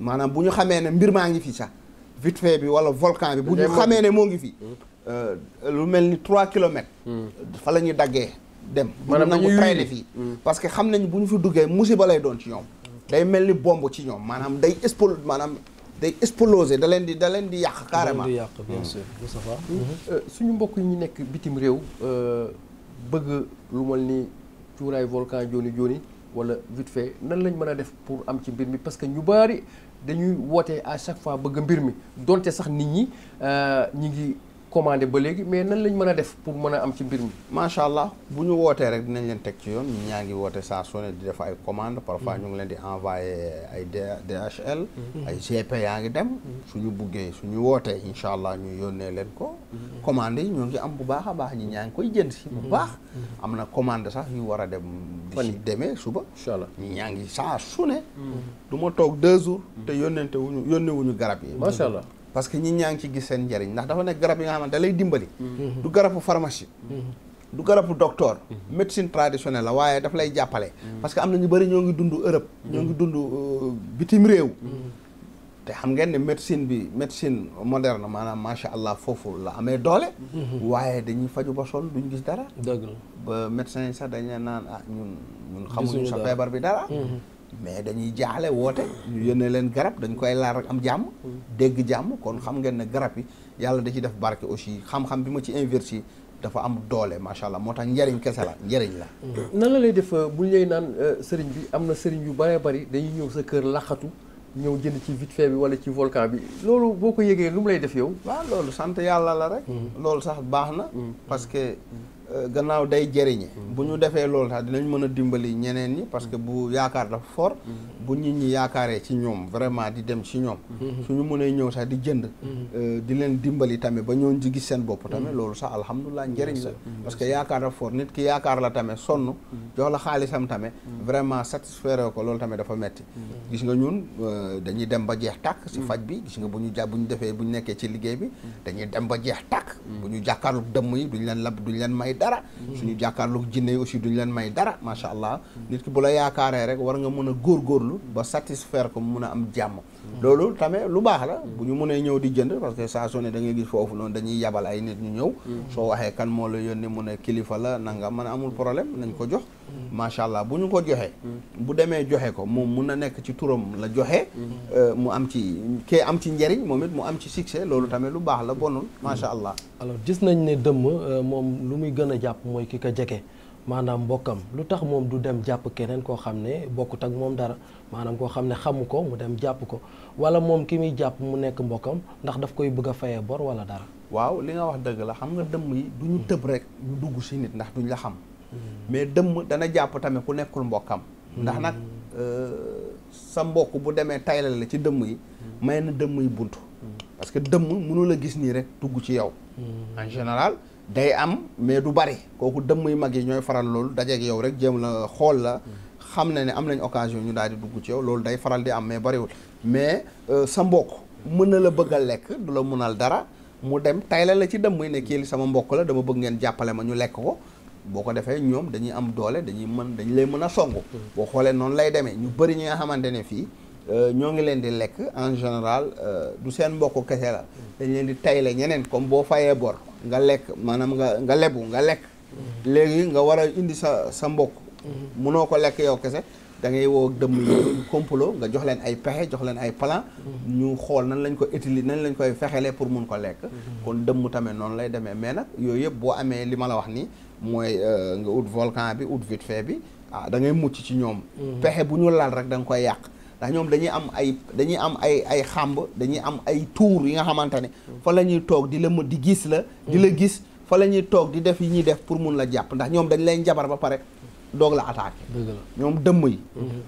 Speaker 2: maanaam bu ñu xamee ne mbir maa ngi fii sax vite fait bi wala volcan bi bu ñu xamee ne moo ngi fi mhm. eh, lu mel ni trois kilomètres mhm. fa la ñuy daggee dem duñ ñu traîner fii parce que xam nañ bu ñu fi duggee musiba lay doon ci ñoom day mel ni bomb ci ñoom maanaam day exploser maanaam day exploser da leen di da di yàq carrément. da leen di yàq bien mm-hmm.
Speaker 1: sûr euh, mm-hmm. suñu mbokk ñu nekk bitim réew euh, bëgg lu mel ni cuuraay volcan jooni jooni wala vite fait nan lañ mën a def pour am ci mbir mi parce que ñu baari dañuy woote à chaque fois bëgg mbir mi donte sax nit ñi
Speaker 2: euh, ñu ngi. commandé ba léegi mais nan lañ mën a def pour mën a am ci mbir mi. macha allah bu ñu wootee rek dinañ leen teg ci yoon ñu ñaa ngi woote saa su ne di def ay commande mm-hmm. parfois ñu ngi leen di envoyé ay DHL. Mm-hmm. GP yaa ngi dem. Mm-hmm. suñu buggee suñu wootee incha allah ñu yónnee leen ko. commande yi ñoo ngi am bu baax a baax ñi ñaa ngi koy jënd si. bu baax am na commande sax yu war a dem. fan demee suba. incha allah ñi ñaa ngi saa su du ma toog deux jours. te yónneente wuñu yónne garab yi. macha parce que ñi ñaa ngi ci gis seen njariñ ndax dafa nekk garab yi nga xamante lay dimbali mm-hmm. du garabu pharmacie mm-hmm. du garabu doctor mm-hmm. médecine traditionnelle la waaye daf lay jàppale parce que am na ñu bëri ñoo ngi dund Europe ñoo ngi dundu euh, bitim réew te xam ngeen ne médecine bi médecine moderne maanaam macha allah foofu la amee doole waaye dañuy faju ba sol duñ gis dara dëgg la dañ médecin yi sax dañu naan ah, ñun xamuñu sa feebar bi dara mais dañuy jaaxle woote ñu yónnee leen garab dañ koy laal rek am jàmm dégg jàmm kon xam ngeen ne garab yi yàlla da ci def barke aussi xam-xam bi ma ci investir dafa am doole macha allah moo tax njëriñ kese la njëriñ la mm-hmm. nan la lay def euh, buñ lay naan euh, sëriñ bi am na sëriñ yu bëree bari dañuy
Speaker 1: ñëw sa kër laxatu ñëw jënd ci vite fait bi wala ci volcan bi loolu boo ko yëgee lu mu lay def yow
Speaker 2: waaw loolu sant yàlla la rek mm-hmm. loolu sax baax na mm-hmm. Euh, gannaaw day jëriñe bu ñu defee loolu sax dinañ mën a dimbali ñeneen ñi parce que bu yaakaar dafa fort bu nit ñi yaakaaree ci ñoom vraiment di dem ci ñoom mhm. ñu mënee ñëw sax di jënd mhm. euh, di leen dimbali tamit ba ñoon ji gis seen bopp tamit mhm. loolu sax alhamdulilah njëriñ la parce que yaakaar dafa fort nit ki yaakaar la tamit sonn jox la xaalisam tamit vraiment satisfaire ko loolu tamit dafa metti gis nga ñun euh, dañuy dem ba jeex tàkk si faj bi gis nga bu ñu ja bu bu nekkee ci liggéey bi dañuy dem ba jeex dara suñu jàkkaarloog jinne yi aussi duñ leen may dara macha allah nit ki bu la yaakaaree rek war nga mën a góorgóorlu ba satisfaire ko mu mun a am jàmm loolu tamit lu baax la bu ñu munee ñëw di jënd parce que saa su ne da ngay gis foofu noonu dañuy yabal ay nit ñu ñëw soo waxee kan moo la yónni mu ne kilifa la nanga man amul problème nañ ko jox macha allah bu ñu ko joxee bu demee joxe ko moom mun a nekk ci turam la joxe. Euh, mu am ci kee am ci njëriñ moom it mu am ci succès loolu tamit lu baax la bonul macha allah
Speaker 3: alors gis nañ ne dëmm euh, moom lu muy gën a jàpp mooy ki ko jege maanaam mbokkam lu tax moom du dem jàpp keneen koo xam ne bokkut ak moom dara maanaam koo xam ne xamu ko mu dem jàpp ko wala moom ki muy jàpp mu nekk mbokkam ndax daf koy bëgg a fayee
Speaker 2: bor wala dara. waaw li nga wax dëgg la xam nga dëmm yi du ñu hmm. tëb rek ñu dugg si nit ndax duñ la xam. Hmm. mais dëmm dana jàpp tamit ku nekkul mbokkam. ndax nag hmm. euh, sa mbokk bu demee taylal la ci dëmm yi. may na dëmm yi bunt. parce que dëmm mënul a gis nii rek dugg ci yow. day am mais du bari kooku dëmm yu mag yi ñooy faral loolu dajeeg yow rek jéem la xool la xam na ne am nañ occasion ñu daal di dugg ci yow loolu day faral di am mais bariwul mais euh, sa mbokk mën na la bëgg lekk du la mënal dara mu dem tayla la ci dëmm yi ne kii sama mbokk la dama bëgg ngeen jàppale ma ñu lekk ko boo ko defee ñoom dañuy am doole dañuy mën dañu lay mën a songu mm. boo xoolee noonu lay demee ñu bëri ñi nga xamante ne fii Euh, ñoo ngi leen di lekk en général euh, du seen mbokk kese la dañ leen di tayle ñeneen comme boo fayee bor nga lekk maanaam nga nga lebu nga lekk léegi nga war a indi sa sa mbokk munoo ko lekk yow kese da ngay woo dëmm yi complot nga jox leen ay pexe jox leen ay plan ñu xool nan lañ ko utiliser nan lañ koy fexelee pour mun ko lekk kon dëmm tamit noonu lay demee mais nag yooyu yëpp boo amee li ma la wax ni mooy euh, nga ut volcan bi ut vite bi ah da mucc ci ñoom mm-hmm. pexe bu ñu laal rek da nga koy yàq ndax ñoom dañuy am ay dañuy am ay ay xàmb dañuy am ay tuur yi nga xamante ne fa la ñuy toog di la mën di gis la di la gis fa la ñuy toog di def yi ñuy def pour mun la jàpp ndax ñoom dañu lay njabar ba pare doog la attaqué ñoom dëmm yi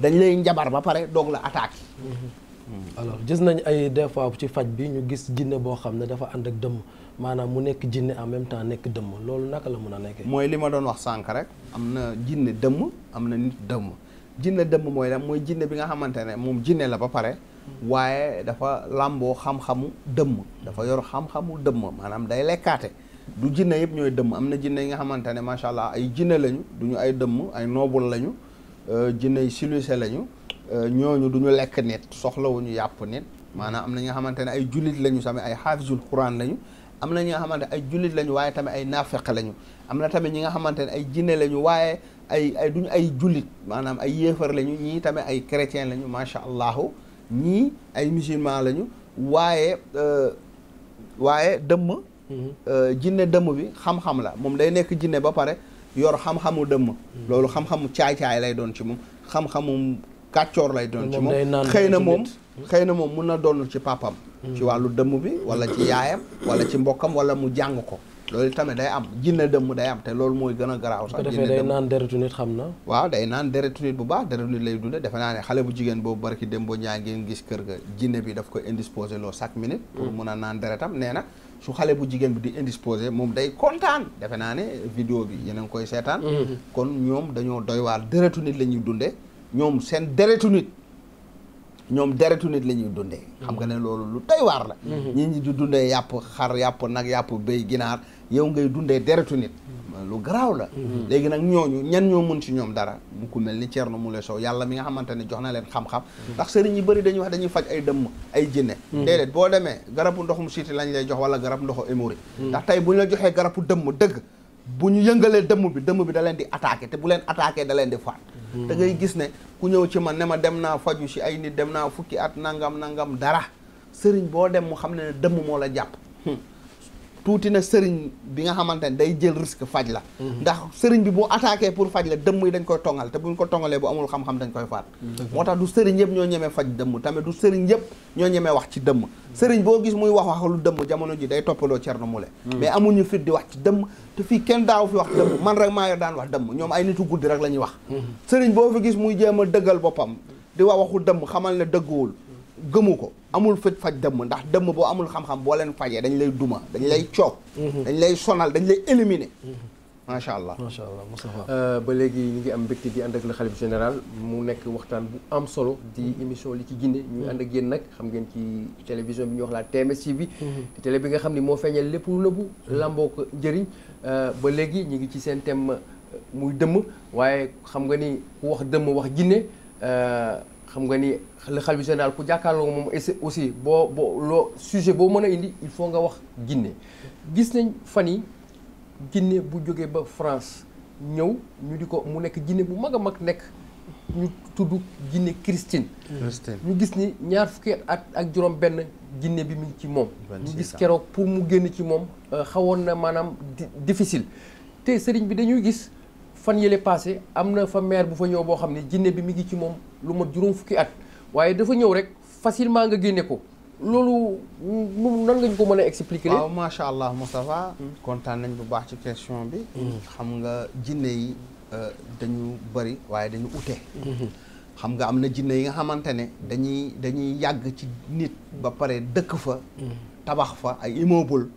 Speaker 2: dañ lay njabar ba pare doog la attaqué mhm. mhm. alors gis nañ ay des fois ci faj bi ñu gis jinne boo xam ne dafa
Speaker 3: ànd ak dëmm maanaam mu
Speaker 2: nekk jinne en même temps nekk dëmm loolu naka la mun a nekkee mooy li ma doon wax sànk rek am na jinne dëmm am na nit dëmm jinne dëmm mooy lan mooy jinne bi nga xamante ne moom jinne la ba pare waaye dafa làmboo xam-xamu dëmm dafa yor xam-xamu dëmm maanaam day lekkaate du jinne yëpp ñooy dëmm am na jinne yi nga xamante ne macha allah ay jinne lañu du ñu ay dëmm ay noobul lañu euh, jinne yi siluse lañu euh, ñooñu du lekk nit soxlawuñu yàpp nit maanaam am na ñi nga xamante ne ay jullit lañu tamit ay xaafisul quran lañu am na ñi nga xamante ne ay jullit lañu waaye tamit ay naafeq lañu am na tamit ñi nga xamante ne ay jinne lañu waaye ay ay duñu ay jullit maanaam ay yéefar lañu ñii tamit ay chrétien lañu macha allahu ñii ay musulman lañu waaye euh, waaye dëmm. Mhm. Euh, jinne dëmm bi xam-xam la moom day nekk jinne ba pare yor xam-xamu dëmm. Mhm. loolu xam-xamu caay-caay lay doon ci moom xam-xamu kàccoor lay doon ci moom xëy na moom mhm. xëy na moom mun na doon ci pàppam ci wàllu dëmm bi wala ci yaayam wala ci mbokkam wala mu jàng ko. loolu tamit day am jinne dëmm day am te loolu mooy gën a garaaw sax jinne day naan
Speaker 3: deretu nit xam na
Speaker 2: waaw day naan deretu nit bu baax deretu nit lay dunde defe naa ne xale bu jigéen boobu barki dem boo ñaa ngeen gis kër ga jinne bi daf ko indisposé loo chaque minute pour mm. mun a naan deretam nee na su xale bu jigéen bi di indisposé moom day kontaan defe naa ne vidéo bi yéen a ngi koy seetaan mm-hmm. kon ñoom dañoo doy waar deretu la ñuy dunde ñoom seen deretu nit ñoom deretu nit la ñuy dundee. xam nga ne loolu lu doy waar la. ñi mhm. ñi di dundee yàpp xar yàpp nag yàpp béy ginaar yow ngay dundee deretu nit. lu garaaw la. Mhm. léegi nag ñooñu ñen ñoo mën ci ñoom dara mu ku mel ni mu Moule Sow yàlla mi nga xamante ne jox na leen xam-xam. Mhm. ndax sëriñ yi bëri dañuy wax dañuy faj ay dëmm ay jinne. déedéet boo demee garabu ndoxum siiti lañ lay jox wala garab ndoxu émori. ndax tey bu ñu la joxee garabu dëmm dëkk bu ñu yëngalee dëmm bi dëmm bi da leen di attaqué te bu leen attaqué daleen leen di faat hmm. te ngay gis ne ku ñëw ci man ne ma dem naa faju si ay nit dem naa fukki at nangam nangam dara sëriñ boo dem mu xam ne ne dëmm moo la jàpp tuuti na sëriñ bi nga xamante ne day jël risque faj la mhm. ndax sëriñ bi bu attaqué pour faj la dëmm yi dañ koy tongal te buñ ko tongalee bu amul xam-xam dañ koy faat mhm. moo tax du sëriñ yëpp ñoo ñemee faj dëmm tamit du sëriñ yëpp ñoo ñemee wax ci dëmm sëriñ boo gis muy wax wax lu dëmm jamono ji day toppaloo Thierno Moule mhm. mais amuñu fit di wax ci dëmm te fii kenn daaw fi wax dëmm man rek maa yor daan wax dëmm ñoom ay nitu guddi rek la ñuy wax sëriñ boo fi gis jéem a dëggal boppam di wax waxu dëmm xamal ne dëgguwul gëmu ko amul faj faj dëmm ndax dëmm boo amul xam-xam boo leen fajee dañ lay duma dañ lay coob mhm. dañ lay sonal dañ lay éliminer mhm. macha allah macha allah Moustapha
Speaker 1: euh, ba léegi ñu ngi am mbégte i ànd ak le xalif général mu nekk waxtaan bu am solo di mhm. émission li ci Guinée ñu ànd ak yéen nag xam ngeen ci télévision bi ñu wax laa TMS TV di télé bi nga xam ni moo feeñal lépp lu nëbbu lamboo ko njëriñ euh, ba léegi ñu ngi ci seen thème euh, muy dëmm waaye xam nga ni wax dëmm wax Guinée xam nga ni le xalifa général ku jàkkaarloo moom aussi boo boo loo sujet boo mën a indi il faut nga wax Guinée gis nañ fan yi Guinée bu jógee ba France ñëw ñu di ko mu nekk Guinée bu mag a mag nekk ñu tudd Guinée Christine ñu gis ni ñaar fukki at ak juróom benn Guinée bi mu ngi ci moom
Speaker 4: ñu gis keroog
Speaker 1: pour mu génn ci moom euh, xawoon na maanaam difficile te sëriñ bi dañuy gis fan yële passé am na fa maire bu fa ñëw boo xam ne Guinée bi mi ngi ci moom lu ma juróom fukki at waaye dafa ñëw rek facilement nga génne ko loolu nan nga ñu ko mën a expliquer.
Speaker 2: waaw macha allah Moustapha kontaan nañ bu baax ci question bi. xam nga jinne yi euh, dañu bëri waaye dañu ute. xam nga am na jinne yi nga xamante ne dañuy dañuy yàgg ci nit ba pare dëkk fa. tabax fa ay immeuble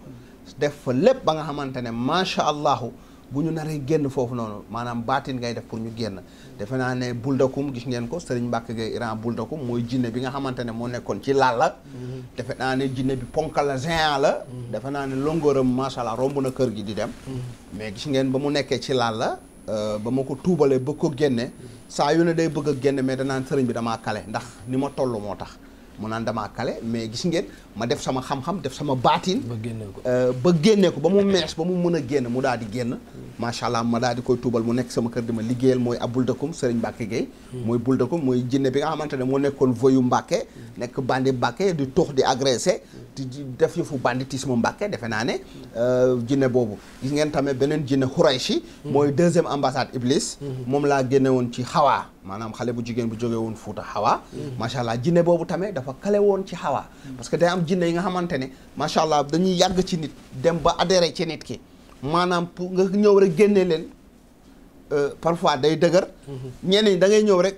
Speaker 2: def fa lépp ba nga xamante ne macha allahu. bu ñu naree génn foofu noonu maanaam baatin ngay def pour ñu génn defe naa ne buldakum gis ngeen ko Serigne Mbacke Gueye Iran buldakum mooy jinne bi nga xamante ne moo nekkoon ci laal la mhm. defe naa ne jinne bi ponkal la géant la mhm. defe naa ne longooram macha allah romb na kër gi di dem mhm. mais gis ngeen ba mu nekkee ci laal la euh, ba ma ko tuubalee bëgg ko génne saa yu ne day bëgg a génne mais danaan sëriñ bi damaa kale ndax ni ma toll moo tax mu naan damaa kale mais gis ngeen ma def sama xam-xam def sama baatin. ba génne ko euh, ba génne ko ba mu mees ba mu mën a génn mu daal di génn. macha allah ma daal di koy tuubal mu nekk sama kër di ma liggéeyal mooy ab buldakum Serigne Mbacke Gueye. Hmm. mooy buldakum mooy jinne bi nga xamante ne moo nekkoon voyu Mbacke. Hmm. nekk bandi Mbacke di tux di agressé. di def yëfu banditisme Mbacke defe naa ne. Hmm. Euh, jinne boobu gis ngeen tamit beneen jinne Xurayshi. mooy deuxième ambassade Iblis. moom laa génne woon ci xawaa. maanaam xale bu jigéen bu jógee woon Fuuta Hawa macha allah jinne boobu tamit dafa kale woon ci Hawa parce que day am jinne yi nga xamante ne macha allah dañuy yàgg ci nit dem ba adhéré ci nit ki maanaam pour nga ñëw rek génne leen euh, parfois day dëgër ñeneen ñi da ngay ñëw rek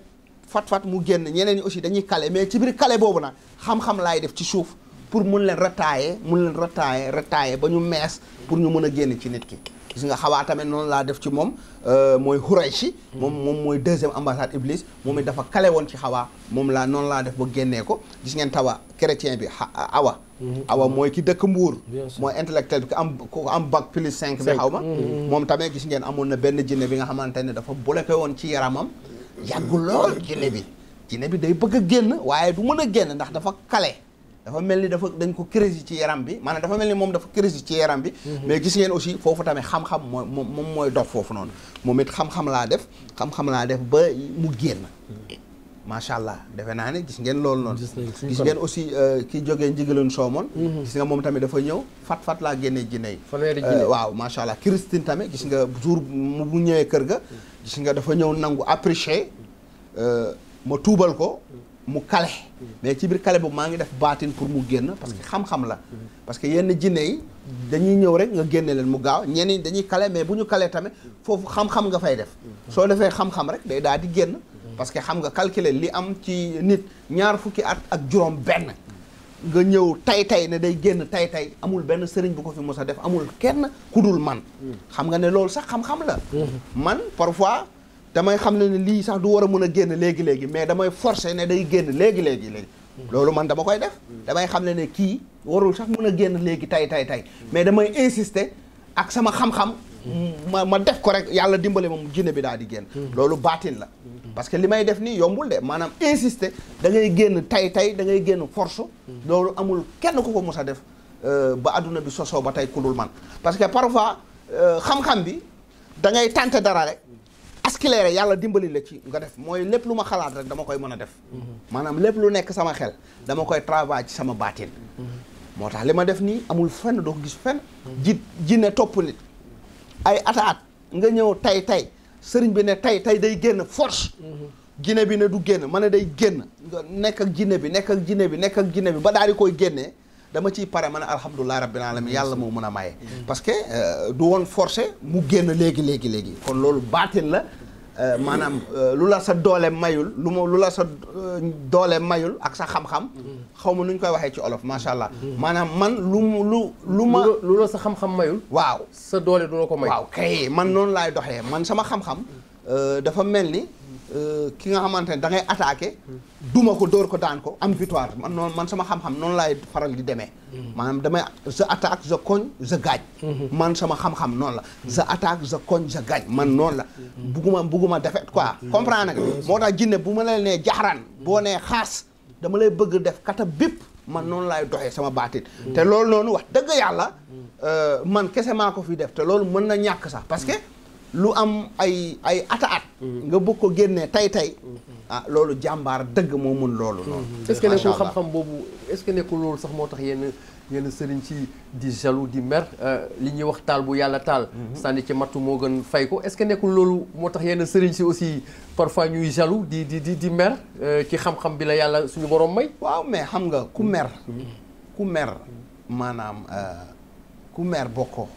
Speaker 2: fat fat mu génn ñeneen yi aussi dañuy kale mais ci biir kale boobu nag xam-xam laay def ci suuf pour mun leen retaaye mun leen retaaye retaaye ba ñu mees pour ñu mën a génn ci nit ki gis nga xawaa tamit noonu laa def ci moom euh, mooy Xurayshi moom moom mooy deuxième ambassade Iblis moom it dafa kale woon ci xawaa moom laa noonu laa def ba génnee ko gis ngeen tawa chrétien bi awa
Speaker 4: mhm. awa mooy
Speaker 2: ki dëkk Mbuur mooy intellectuel bi ku am ku am bac plus cinq bi xaw ma mhm. Mhm. moom tamit gis ngeen amoon na benn jinne bi nga xamante ne dafa bloqué woon ci yaramam yàggul lool jinne bi jinne bi day bëgg a génn waaye du mën a génn ndax dafa kale dafa mel ni dafa dañ ko crise ci yaram bi maanaam dafa mel ni moom dafa crise ci yaram bi mhm. mais gis ngeen aussi foofu tamit xam-xam mooy moom mooy dox foofu noonu moom it xam-xam laa def xam-xam def ba mu génn macha allah defe naa ne gis ngeen loolu noonu gis ngeen aussi euh, ki jógee njigaloon soomoon mhm. gis nga moom tamit dafa ñëw fat fat laa génne jinne yi euh, waaw macha allah Christine tamit gis nga jour mu ñëwee kër ga gis nga dafa ñëw nangu apprécier euh, ma tuubal ko mu kale mais ci biir kale boobu maa ngi def baatin pour mu génn parce que xam-xam la parce que yenn jinne yi dañuy ñëw rek nga génne leen mu gaaw ñenn ñi dañuy kale mais bu ñu kalee tamit foofu xam-xam nga fay def soo defee xam-xam rek day daal di génn parce que xam nga calculer li am ci nit ñaar fukki at ak juróom benn nga ñëw tay tay ne day génn tay tay amul benn sëriñ bu ko fi mos a def amul kenn ku dul man xam nga ne loolu sax xam-xam la man parfois damay xam ne ne lii sax du war a mun a génn léegi léegi mais damay forcer ne day génn léegi léegi léegi. loolu man dama koy def. damay xam ne ne kii warul sax mun a génn léegi tay tay tay mais damay insister ak sama xam ma ma def ko rek yàlla dimbale moom jinne bi daal di génn. loolu baatin la. parce que li may def nii yombul de maanaam insister dangay génn tay tay dangay génn force. loolu amul kenn ku ko mos a def euh, ba adduna bi sosoo ba tey ku man parce que parfois euh, xam-xam bi da ngay tenter dara rek. askilere yàlla dimbali la ci nga def mooy lépp lu ma xalaat rek dama koy mën a def maanaam lépp lu nekk sama xel dama koy travail ci sama baatin moo tax li ma def nii amul fenn doo ko gis fenn ji ji topp nit ay ataat nga ñëw tay tay sëriñ bi ne tay tay day génn force jinne bi ne du génn ma ne day génn nekk ak jinne bi nekk ak jinne bi nekk ak jinne bi ba daal di koy génnee dama ciy pare ma ne alhamdulilah rabbil alamin yàlla mm-hmm. moo mën a maye. Mm-hmm. parce que euh, du woon forcé mu génn léegi léegi léegi kon loolu baatin la. Euh, maanaam euh, lu la sa doole mayul lu ma lu la sa doole mayul ak sa xam-xam. Mm-hmm. xaw ma nu koy waxee ci olof macha allah. maanaam man lu lu lu ma. lu la sa xam-xam mayul. waaw sa doole du la ko may. waaw man noonu laay doxee man sama xam-xam dafa mel ni. Euh, ki nga xamante ne da ngay attaqué. duma ko dóor ko daan ko am victoire man noonu man sama xam-xam noonu laay faral di demee. Mm-hmm. maanaam damay je attaque je cogne je gagne. Mm-hmm. man sama xam noonu la. Mm-hmm. je attaque je cogne je man noonu la. bugguma bugguma défaite quoi. comprendre nga moo tax jinne bu ma la nee jaaraan boo nee xaas dama lay bëgg def kata bépp. man noonu laay doxee sama baatit te loolu noonu wax dëgg yàlla. Euh, man kese maa ko fi def te loolu mën na ñàkk sax parce que. lu am ay ay ata at mm-hmm. nga bëgg ko génnee tey tey mm-hmm. ah loolu jàmbaar dëgg moo mun loolu noonu mm-hmm.
Speaker 4: est-ce que nekkul xam-xam
Speaker 1: boobu est-ce que nekkul loolu sax moo tax yenn yenn sëriñ ci di jaloux di mer euh, li ñuy wax taal bu yàlla taal sànni ci mattu moo gën fay ko est-ce que nekkul loolu moo tax yenn sëriñ si aussi parfois ñuy jaloux di di di di mer euh, ci xam-xam bi la yàlla suñu
Speaker 2: borom may waaw mais xam nga ku mer ku mer maanaam euh, ku mer bokkoo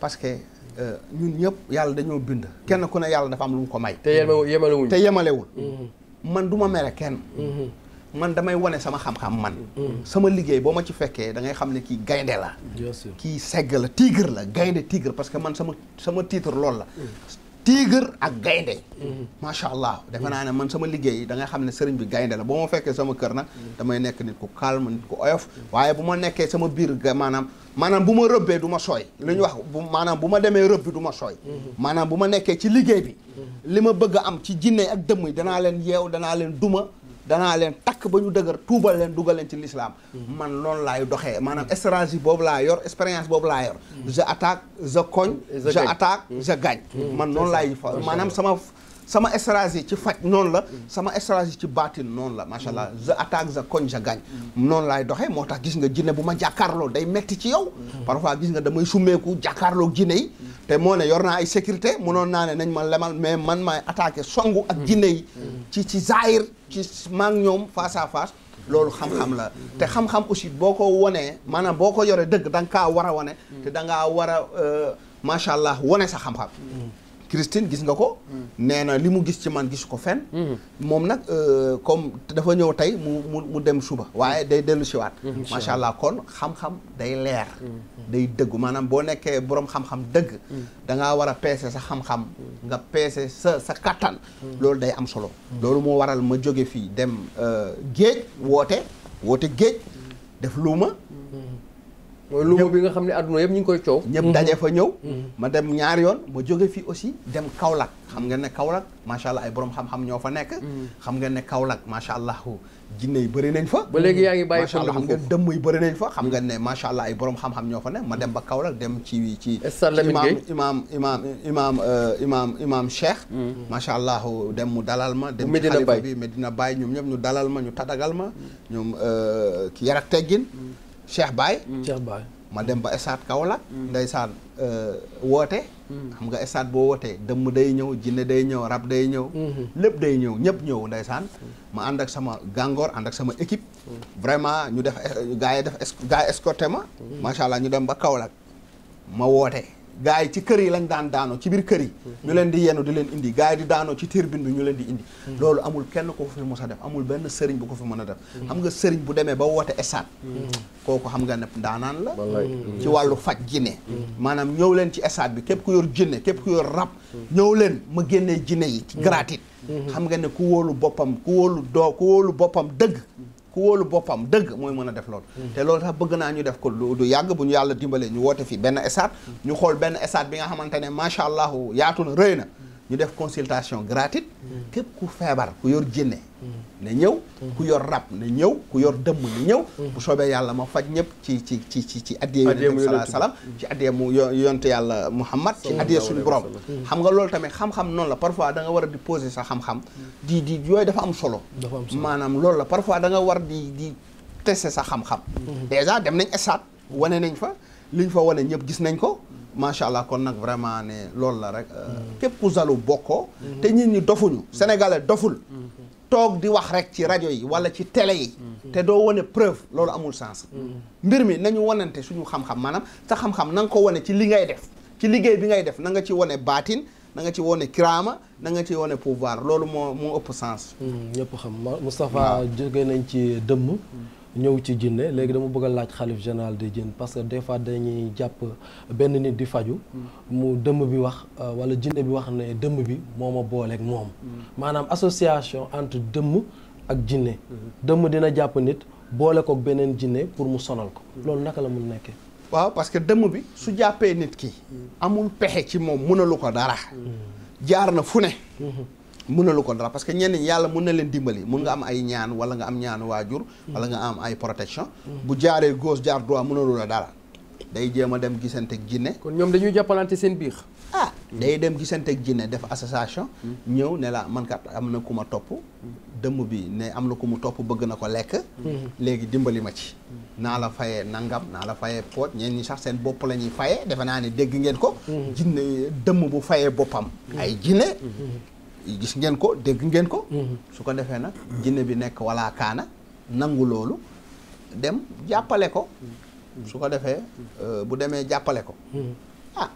Speaker 2: parce que Euh, ñun ñëpp yàlla dañoo bind kenn ku ne yàlla dafa am lu mu ko may te mm-hmm. yemalewul te yemalewul mm-hmm. man du ma mere kenn mm-hmm. man damay wane sama xam-xam man sama liggéey boo ma ci fekkee da ngay xam ne kii gaynde la kii segg la tigre la gaynde tigre parce que man sama sama titre loolu la tigre ak gaynde mm-hmm. macha allah defe naa ne mm-hmm. man sama liggéey da nga xam ne sëriñ bi gaynde la boo ma fekkee sama kër nag mm-hmm. damay nekk nit ku calme nit ku oyof waaye bu ma nekkee sama biir maanaam maanaam bu ma rëbbee du ma sooy li ñu wax bu maanaam bu ma demee rëbbi du ma sooy maanaam bu ma nekkee ci liggéey bi li ma bëgg a am ci jinne ak dëmm yi danaa leen yeew danaa leen duma danaa leen takk ba ñu dëgër tuubal leen dugal leen ci l'islam mhm. man loolu laay doxee maanaam stratégie boobu laa yor expérience boobu laa yor mhm. je attaque je cogne je attaque je gagne mhm. man noonu laay fa maanaam sama sama stratégie ci faj noonu la sama stratégie ci baatin noonu la macha allah je attaque je cogne je gagne noonu laay doxee moo tax gis nga jinne bu ma jàkkaarloo day metti ci yow parfois gis nga damay summeeku jàkkaarloo jinne yi te moo ne yor naa ay sécurité munoon naa ne nañ ma lemal mais man maay attaqué songu ak jinne yi ci ci zaahir ci maak ñoom face à face loolu xam-xam la te xam-xam aussi boo ko wonee maanaam boo ko yoree dëgg da nga kaa war a wone te da ngaa war a euh, macha allah wone sa xam-xam Christine gis nga ko. nee na li mu gis ci man gis ko fenn. moom nag euh, comme dafa ñëw tey mu mu mu dem suba waaye day dellu siwaat macha allah kon xam-xam day leer. day dëggu maanaam boo nekkee borom xam-xam dëgg. da ngaa war a peese sa xam-xam. nga peese sa sa kattan. loolu day am solo. loolu moo waral ma jóge fii dem euh, géej woote woote géej def luuma. mooy luuma bi nga xam ne adduna yëpp ñu ngi koy coow. ñëpp mhm. daje fa ñëw. Mhm. ma dem ñaari yoon ma jóge fii aussi dem Kaolack. xam nga ne Kaolack macha allah ay borom xam-xam ñoo fa nekk. Mhm. xam ngeen ne Kaolack macha allah jinne yi nañ fa. ba léegi yaa ngi bàyyi xel xam ngeen bëri nañ fa. xam ngeen ne macha allah ay borom xam ñoo fa nekk ma dem ba Kaolack dem ci ci. imaam imaam imaam imaam euh, imaam imaam Cheikh. macha allah dem mu dalal ma. dem ci xalifa bi Medina Baye ñoom ñëpp ñu dalal ma ñu tadagal ma ñoom euh, yar ak teggin Cheikh baay mm. Cheikh Baye. ma dem ba stade Kaolack. Mm. ndeysaan euh, woote. Mm. xam nga stade boo wootee dëmm day ñëw jinne day ñëw rab day ñëw. Mm-hmm. lépp day ñëw ñëpp ñëw ndeysaan. ma ànd ak sama gàngoor ànd ak sama équipe. vraiment ñu def euh, gars yi def gars yi ma. macha allah ñu dem ba Kaolack ma woote. gars yi ci kër yi lañ daan daanoo ci biir kër yi mm-hmm. ñu leen di yenu di leen indi gars yi di daanoo ci turbine bi ñu leen di indi mm-hmm. loolu amul kenn ko fi mos a def amul benn sëriñ bu ko fi mën a def mm-hmm. xam nga sëriñ bu demee ba woote estaat kooku xam nga ne ndaanaan la ci wàllu faj jinne maanaam ñëw leen ci estaat bi képp ku yor jinne képp ku yor rab ñëw leen ma génnee jinne yi ci gratuit xam nga ne ku wóolu boppam ku wóolu doo ku wóolu boppam dëgg ku wóolu boppam dëgg mooy mën a def lool mm. te lool tax bëgg naa ñu def ko du yàgg bu ñu yàlla dimbalee ñu woote fi benn esaat mm. ñu xool benn esaat bi nga xamante ne macha allah yaatu na rëy na ñu def consultation gratuite mm. képp ku feebar ku yor jinne
Speaker 4: mm.
Speaker 2: na ñëw mm. ku yor rab na ñëw ku yor dëmm na ñëw bu soobee yàlla ma faj ñëpp ci ci ci ci ci addiyee yonent bi salaa salaam ci addiyee mu yontu yàlla Muhammad ci addiyee suñu borom xam nga loolu tamit xam-xam noonu la parfois da nga war a di poser sa xam-xam di di yooyu am solo maanaam loolu la parfois da war di di tester sa xam-xam déjà dem nañ estaat wane nañ fa li ñu fa wane ñëpp gis nañ ko macha allah kon nag vraiment ne loolu la rek euh, képp ku zalu bokkoo te nit ñi dofuñu sénégalais doful toog di wax rek ci rajo yi wala ci télé yi te doo wane preuve loolu amul sens mbir mi nañu wanante suñu xam-xam maanaam sa xam-xam na nga ko wane ci li ngay def ci liggéey bi ngay def na nga ci wane baatin na nga ci wane kiraama na nga ci wane pouvoir loolu moo moo ëpp sens hmm, ñëpp xam Moustapha jóge nañ
Speaker 3: ci dëmm ñëw ci jinne léegi dama bëgg a laaj xalif général de jinne parce que des fois dañuy jàpp benn nit di faju mm. mu dëmm bi wax euh, wala jinne bi wax ne dëmm bi moo ma booleeg moom mm. maanaam association entre dëmm ak jinne mm-hmm. dëmm
Speaker 2: dina jàpp nit boole ko beneen jinne pour mu sonal ko mm. loolu naka la mun nekke waaw parce que dëmm bi su jàppee nit ki amul pexe ci moom mënalu ko dara jaar na fu ne
Speaker 4: mm-hmm.
Speaker 2: mënalu ko dara parce que ñenn ñi yàlla mun na leen dimbali mun nga am ay ñaan wala nga am ñaanu waajur wala nga am ay protection bu jaaree gauche jaar droit mënalu la dara day jéem a dem gisante ak jinne kon ñoom dañuy jàppalante seen biir
Speaker 4: ah day
Speaker 2: dem gisante ak jinne def association ñëw ne la man kat am na ku ma topp dëmm bi ne am na ku mu topp bëgg na ko lekk léegi dimbali ma ci naa la fayee nangam naa la fayee poot ñeen ñi sax seen bopp la ñuy fayee defe naa ne dégg ngeen ko hmm. dëmm bu fayee boppam gis ngeen ko dégg ngeen ko. Mhm. su ko defee nag jinne bi nekk wala kaana nangu loolu dem jàppale ko. Mhm. su ko defee euh, bu demee jàppale ko.
Speaker 4: Mhm. ah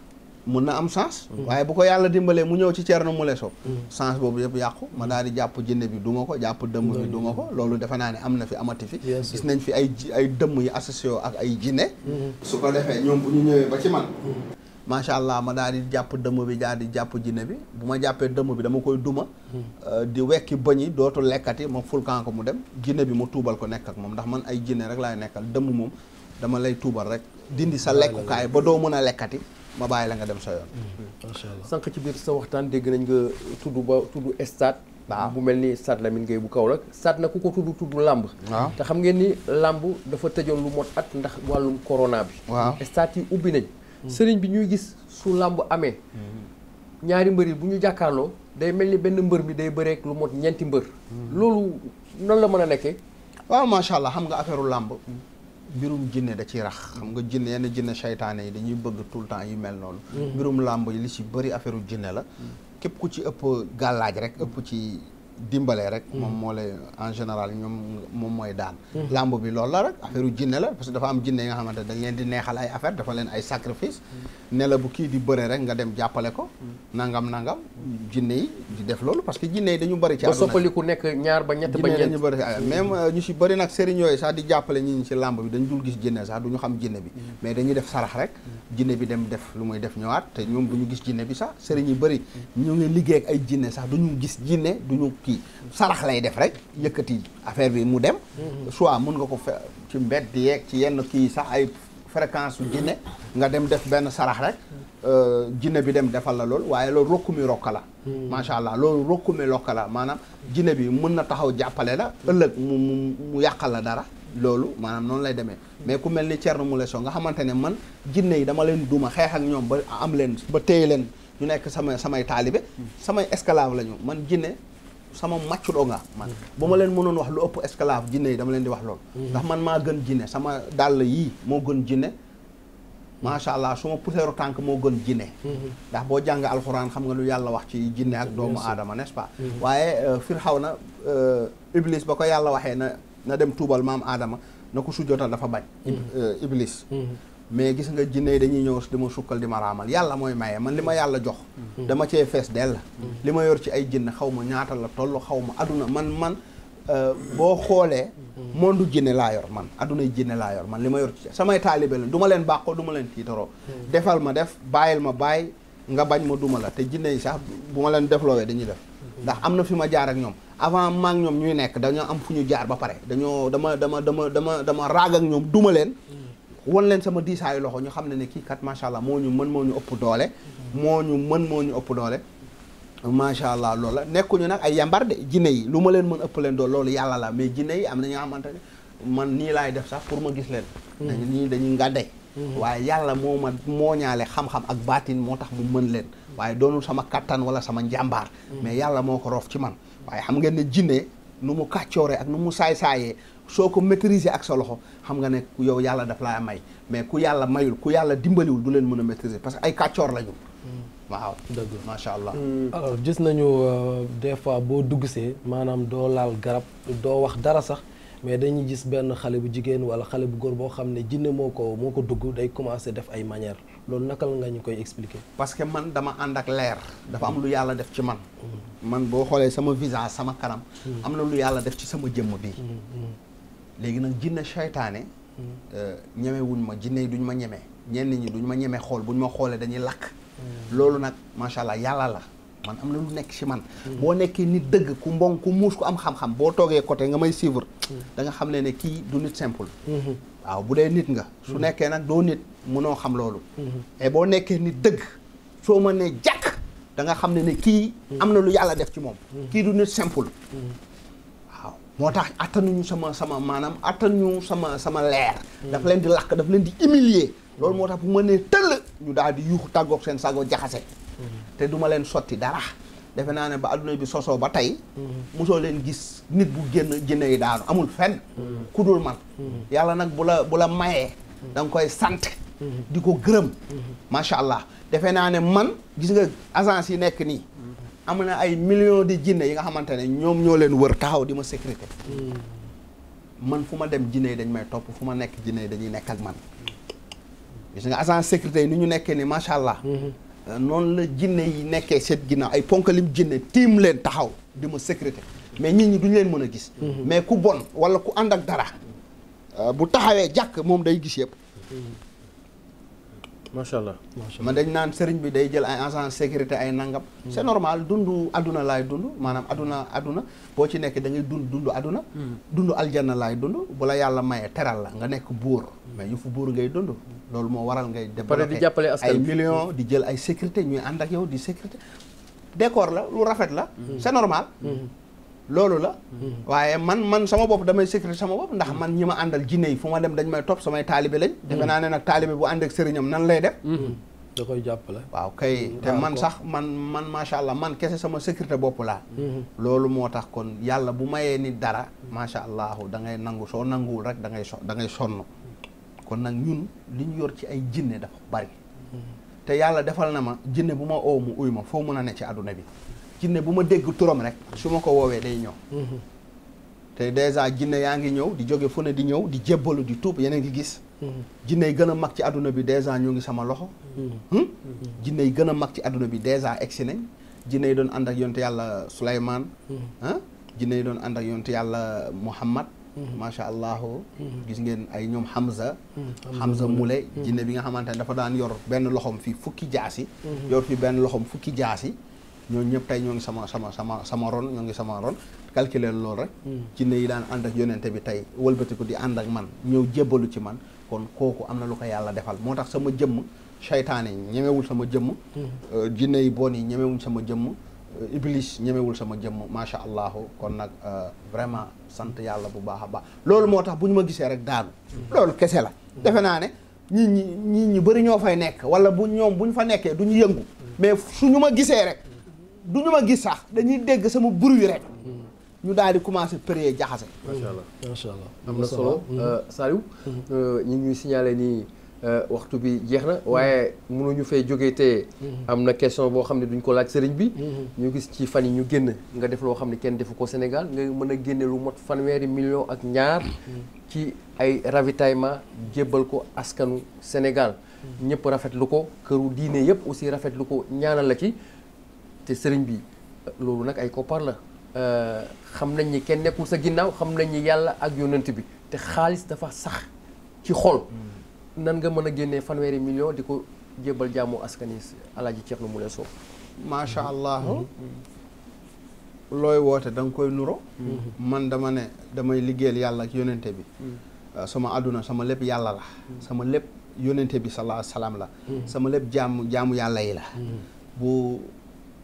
Speaker 2: mun na am sens. waaye bu ko yàlla dimbalee mu ñëw ci Thierno Moule Sow. sens boobu yëpp yàqu ma daal di jàpp jinne bi duma ko jàpp dëmm bi duma ko loolu defe naa ne am na fi amati fi. gis nañ fi ay ay dëmm yu associé ak ay jinne. su ko defee ñoom bu ñu ñëwee ba ci man. macha allah ma daal di jàpp dëmm bi daal jàpp jinne bi bu ma jàppee dëmm bi dama koy duma. Hmm. Euh, di wekki yi dootu lekkati ma fulkaan ko mu dem jinne bi ma tuubal ko nekk ak moom ndax man ay jinne rek laay nekkal dëmm moom dama lay tuubal rek dindi sa lekkukaay ba doo mën a lekkati ma bàyyi la nga dem sa yoon. Hmm. Hmm.
Speaker 1: macha allah
Speaker 2: ci biir sa waxtaan
Speaker 1: dégg nañ nga tudd ba tudd stade. waaw bu mel ni Stade Lamine Gueye bu Kaolack stade na ku ko tudd tudd làmb te xam ngeen ni làmb dafa tëjoon lu mot at ndax wàllum corona bi. waaw stade yi ubbi nañ. sëriñ bi ñuy gis su làmb amee. ñaari mbër yi bu ñu jàkkaarloo
Speaker 2: day mel ni benn mbër bi day bëreek lu mot ñeenti mbër. loolu noonu la mën a nekkee. waaw macha allah xam nga affaire làmb mbirum jinne da ciy rax xam nga jinne yenn jinne saytaane yi dañuy bëgg tout le temps yu mel noonu mm-hmm. mbirum làmb yi li si bëri affaire jinne la mm-hmm. képp ku ci ëpp gàllaaj rek ëpp ci dimbalee rek moom moo lay en général ñoom moom mooy daan lamb bi loolu la rek affaire jinne la parce que dafa am jinne yi nga xamante dañ leen di neexal ay affaire dafa leen ay sacrifice ne la bu kii di bëre rek nga dem jàppale ko nangam nangam jinne yi di def loolu parce que jinne yi dañu bëri ci àdduna ba soppaliku
Speaker 1: nekk ñaar ba ba ñeent dañu bëri ah, même
Speaker 2: euh, ñu si bëri nag sëriñ yooyu sax di jàppale ñi ci lamb bi dañ dul gis jinne sax du ñu xam jinne bi mm. mais dañuy def sarax rek jinne bi dem def lu muy te ñoom du ñu gis jinne bi sax sëriñ yi bëri ñu ngi liggéey ak ay jinne sax kii sarax lay def rek yëkkati affaire bi mu dem. Mhm. soit mun nga ko fe ci mbedd yeeg ci yenn kii sax ay fréquence su jinne nga dem def benn sarax rek. Euh, jinne bi dem defal la loolu waaye loolu rokku mi la mhm. macha allah loolu rokku mi la maanaam jinne bi mën na taxaw jàppale la ëllëg mu mu mu yàqal la dara loolu maanaam noonu lay demee mais ku mel ni mu Moule Sow nga xamante ne man jinne yi dama leen duma xeex ak ñoom ba am leen ba téye leen ñu nekk sama samay taalibe mhm. samay la ñu man jinne sama màcculoo nga man ba ma leen mënoon wax lu ëpp esclave jinne yi dama leen di wax loolu mhm. ndax man maa gën jinne sama dàll yii moo gën jinne macha allah su ma puseeru tànk moo gën jinne mhm. ndax boo jàng alxuraan xam nga lu yàlla wax ci jinne ak doomu aadama n'est-ce pas mhm. waaye euh, Firxawna euh, iblis ba ko yàlla waxee na na dem tuubal maam aadama na ko sujjootal dafa bañ euh, iblis mais gis nga jinne dañuy ñëw li ma sukkal di ma raamal yàlla mooy maye man li ma yàlla jox mm-hmm. dama cee fees dell li ma yor ci ay jinne xaw ma ñaata la toll xaw ma aduna man man euh, boo xoolee mm-hmm. du jinne laa yor man aduna jinne laa yor man li ma yor ci samay taalibe la duma leen bàqoo du ma leen tiitaroo mm-hmm. defal ma def bàyyil ma bàyyi nga bañ ma duma la te jinne yi sax bu ma leen defloowee dañuy def ndax am na fi ma jaar ak ñoom avant maak ñoom ñuy nekk dañoo am fu ñu jaar ba pare dañoo dama dama dama dama dama raag ak ñoom duma leen wan leen sama diisaayu loxo ñu xam ne ne kii kat macha allah moo ñu mën moo ñu ëpp doole. moo ñu mën moo ñu ëpp doole. macha allah loolu nekkuñu nag ay yambar de jinne yi lu ma leen mën ëpp leen doole loolu yàlla la mais jinne yi am na ñoo xamante ne man nii laay def sax pour ma gis leen. dañu nii dañuy ngàdday. waaye yàlla moo ma moo ñaale xam-xam ak baatin moo tax mu mën leen. waaye doonul sama kattan wala sama njàmbaar. mais yàlla moo ko roof ci man. waaye xam ngeen ne jinne nu mu kàccooree saay soo ko maîtriser ak sa loxo xam nga ne yow yàlla daf laa may mais ku yàlla mayul ku yàlla dimbaliwul du leen mën a maîtriser parce que ay kàccoor lañu hmm. waaw dëgg macha allah. Hmm. gis
Speaker 3: nañu euh, des fois boo duggsee maanaam doo laal garab doo wax dara sax mais dañuy gis benn xale bu jigéen wala xale bu góor boo xam ne jinne moo ko moo ko dugg day commencer def ay
Speaker 2: manière loolu naka la nga ñu koy expliquer. parce que man dama ànd ak leer. dafa am lu hmm. yàlla def ci man. man boo xoolee sama visage sama kanam. am na lu yàlla def ci sama jëmm bi. léegi nag jinne seytaane mm. euh, ñemewuñ ma jinne yi duñ ma ñeme ñenn ñi duñ ma ñeme xool bu buñ ma xoolee dañuy lakk
Speaker 4: mm.
Speaker 2: loolu nag macha allah yàlla la man am na lu nekk ci man mm. boo nekkee nit dëgg ku mbon ku muus ku am xam-xam boo toogee côté nga may suivre da nga xam ne ne kii du nit simple mm-hmm. waaw dee nit nga mm-hmm. nekkee nag doo nit mënoo xam loolu mm-hmm. boo nekkee nit dëgg soo ma ne jàkk danga xam ne ne kii am na lu yàlla def ci moom kii du nit simple moo tax attanuñu sama sama maanaam attanuñu sama sama leer. daf leen di lakk daf leen di humilier. loolu moo tax bu ma nee tëll ñu daal di yuuxu tàggook seen sago jaxase. te duma leen sotti dara. defe naa ne ba àdduna bi sosoo ba tey. mosoo leen gis nit bu génn jinne yi daanu amul fenn. ku dul man. yàlla nag bu la bu la mayee. da nga koy sant. di ko gërëm. macha allah defe naa ne man gis nga agence yi nekk nii. am na ay millions de jinne yi nga xamante ne ñoom ñoo leen wër taxaw di ma sécurité hmm. man fu ma dem jinne yi may topp fu ma nekk jinne dañuy nekk ak man gis nga agent sécurité yi ni ñu nekkee ni macha allah. Hmm. Euh, noonu la jinne yi nekkee seet ginnaaw ay ponkalim jinne tiim leen taxaw di ma sécurité mais nit ñi duñ leen mën a gis hmm. mais ku bon wala ku ànd ak dara euh, bu taxawee jàkk moom day gis yëpp macha allah man dañ naan sëriñ bi day jël ay agent sécurité ay nangam. Hmm. c'est normal dundu aduna laay dund maanaam aduna aduna boo ci nekk da ngay dund dundu aduna. Hmm. dundu aljanna laay dund bu la yàlla mayee teral la nga nekk buur hmm. mais yu fu buur ngay dund. loolu moo waral ngay. développé di jàppale askan ay millions di jël ay sécurité ñuy ànd ak yow di sécurité. décor la lu rafet la. c'est normal. loolu la mm-hmm. waaye man man sama bopp damay sécurité sama bopp ndax man ñi ma àndal jinne yi fu ma dem dañ may topp samay taalibe lañ mm-hmm. defe naa ne nag taalibe bu ànd ak sëriñam nan lay def
Speaker 3: mm-hmm. da koy jàppale waaw kay man sax
Speaker 2: man man macha allah man kese sama sécurité bopp laa moo tax kon yàlla bu mayee ni dara macha allah da ngay nangu soo nanguwul rek da ngay so da ngay sonn kon nag ñun li yor ci ay jinne dafa bari te yàlla defal na ma jinne bu ma oo uy ma foo mën a ne ci àdduna bi jinne bu ma dégg turam rek su ma ko woowee day ñëw mhm. te dèjà jinne yaa ngi ñëw di jóge fu ne di ñëw di jébbalu di tuub yéen a gis mhm. jinne yi gën a mag ci àdduna bi dèjà ñoo ngi sama loxo mhm. Hmm? jinne yi gën a mag ci àdduna bi dèjà egsi nañ jinne yi doon ànd ak yonte yàlla Souleymane ah jinne yi doon ànd ak yonte yàlla Muhammad macha allah gis ngeen ay ñoom Hamza. Hamza Moulay jinne bi nga xamante ne dafa daan yor benn loxoom fi fukki jaasi yor fi benn loxoom fukki jaasi ñoo ñëpp tey ñoo ngi sama sama sama sama ron ñoo ngi sama ron calculer loolu rek jinne hmm. yi daan ànd ak yonente bi tey wëlbatiku di ànd ak man ñëw jébbalu ci man kon kooku am na lu ko yàlla defal moo tax sama jëmm seytaane yi ñemewul sama jëmm hmm. euh, jinne yi bon yi ñemewuñ sama jëmm euh, Iblis ñemewul sama jëmm macha allah kon nag euh, vraiment sant yàlla bu baax a baax loolu moo tax bu ñu ma gisee rek daanu. Hmm. loolu kese la. defe naa ne ñi ñi ñi ñu bëri ñoo fay nekk wala bu ñoom bu fa nekkee du ñu yëngu. du ñu ma gis sax dañuy dégg sama bruit rek
Speaker 4: mm-hmm.
Speaker 2: ñu daal di commencé prier jaxase.
Speaker 4: macha allah mm-hmm. allah
Speaker 1: am na solo mm-hmm. euh, Saliou. Euh, ñu ngi signalé nii euh, waxtu bi jeex na waaye ñu fa jóge te. am na question boo xam ne duñ ko laaj sëriñ bi. ñu gis ci fan yi ñu génn nga def loo xam ne kenn defu ko senegal nga mën a génne lu mot fanweeri million ak ñaar. ci ay ravitaillement jébbal ko askanu Sénégal. ñëpp rafetlu ko këru diine yëpp aussi rafetlu ko ñaanal la ci. te sëriñ bi loolu nag ay koppar la euh, xam nañ ni kenn nekkul sa ginnaaw xam nañ ni yàlla ak yonent bi te xaalis dafa sax ci xol hmm. nan nga mën a génnee fanweeri million di
Speaker 2: ko jébbal jaamu askani alaaji Ceerno Moule Sow macha hmm. allah
Speaker 4: hmm.
Speaker 2: looy woote da nga koy nuroo man dama ne damay liggéeyal yàlla ak yonent bi euh, sama àdduna sama lépp yàlla la sama lépp yonent bi salaa salaam la sama lépp jaamu jaamu yàlla yi la